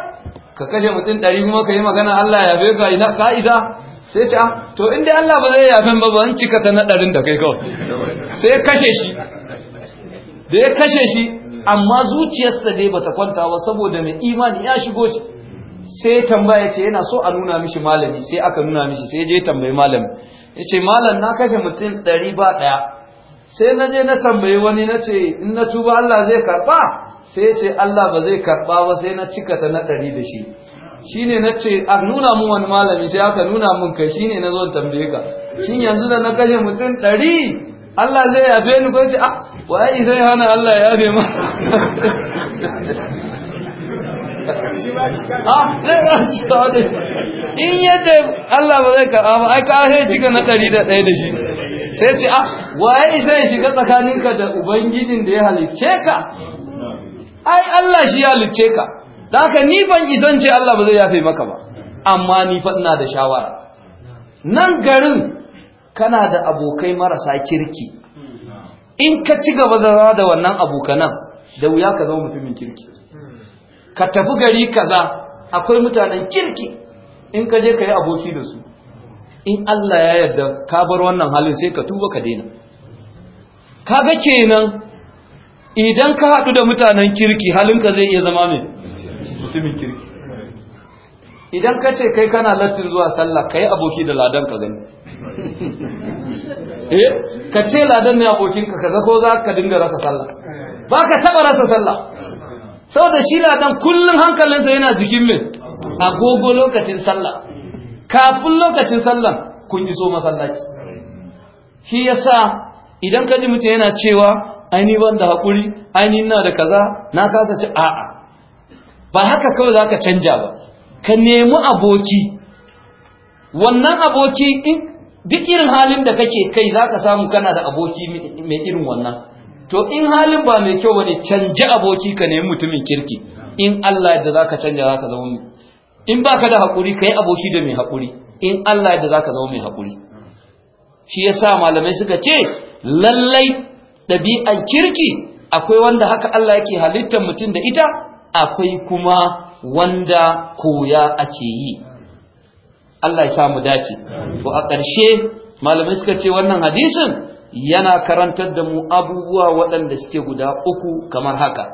ka kashe mutum ɗari kuma ka yi magana Allah ya bai ka ina ka'ida sai ce ah, to inda Allah ba zai yafen ba ban cika ta na ɗarin da kai kawai sai kashe shi da ya kashe shi amma zuciyarsa dai bata kwanta ba saboda mai imani ya shigo shi sai tambaya ce yana so a nuna mishi malami sai aka nuna mishi sai je tambayi malami ya ce malam na kashe mutum ɗari ba ɗaya sai na je na tambayi wani na ce in na tuba Allah zai karɓa sai ya ce Allah ba zai karɓa ba sai na cika ta na ɗari da shi shine nace a nuna mu wani malami sai aka nuna mun kai shine na zo tambaye ka shin yanzu da na kashe mutum ɗari Allah zai yafe ni ko ce a ah, wai sai hana Allah ya yafe ma [laughs] ah zai ba shi in yadda Allah ba zai karɓa ba ai ka sai cika na ɗari da ɗaya da shi sai ce ah waye sai shiga tsakaninka da ubangijin da ya halicce ka ai Allah shi ya halicce ka Daka ni ban isan ce Allah ba zai yafe maka ba amma ni fa da shawara nan garin kana da abokai marasa kirki in ka ci gaba da da wannan abokanan da wuya ka zama mutumin kirki ka tafi gari kaza akwai mutanen kirki in ka je ka yi aboki da su in Allah ya yarda ka bar wannan halin sai ka tuba ka daina kaga kenan idan ka haɗu da mutanen kirki halinka zai iya zama mai mutumin kirki idan ka ce kai kana latin zuwa sallah ka yi aboki da ladan ka gani eh ka ce ladan ne abokinka ka zako za ka dinga rasa sallah ba ka taɓa rasa sallah saboda shi ladan kullum hankalinsa yana jikin min agogo lokacin sallah kafin lokacin sallah kun iso masallaci shi yasa idan ka ji mutum yana cewa ainihin ban da haƙuri ainihin na da kaza na kasa ci a'a ba haka kawai za ka canja ba ka nemi aboki wannan aboki duk irin halin da kake kai za ka samu kana da aboki mai irin wannan to in halin ba mai kyau wani canja aboki ka nemi mutumin kirki in Allah da za ka canja za ka zama mai in ba ka da haƙuri ka yi aboki da mai haƙuri in Allah da za ka zama mai haƙuri shi ya sa malamai suka ce lallai ɗabi'an kirki akwai wanda haka Allah yake halittar mutum da ita akwai kuma wanda koya ake yi Allah ya mu dace to a ƙarshe malamai suka ce wannan hadisin yana karantar da mu abubuwa waɗanda suke guda uku kamar haka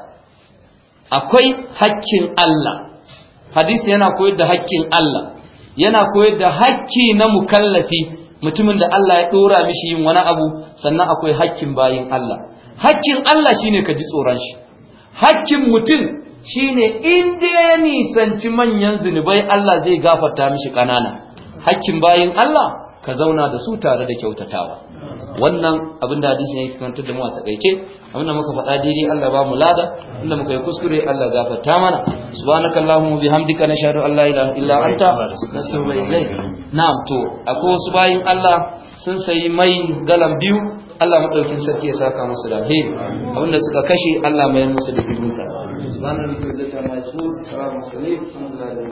akwai hakkin Allah hadisi yana koyar da hakkin Allah yana koyar da hakki na mukallafi mutumin da Allah ya ɗora mishi yin wani abu sannan akwai hakkin bayin Allah hakkin Allah shine ka ji tsoron shi hakkin mutum shine inda ya nisanci manyan zunubai Allah zai gafarta mishi kanana hakkin bayin Allah ka zauna da su tare da kyautatawa wannan abin da hadisin yake kantar da mu a takaice abinda muka faɗa daidai Allah ba mu lada inda muka yi kuskure Allah gafarta mana subhanakallahu wa bihamdika nashhadu an la ilaha illa anta nastaghfiruka na'am to akwai wasu bayin Allah sun sayi mai galan biyu Allah maɗaukin sarki ya saka musu da alheri abinda suka kashe Allah mayar musu da bibinsa subhanallahi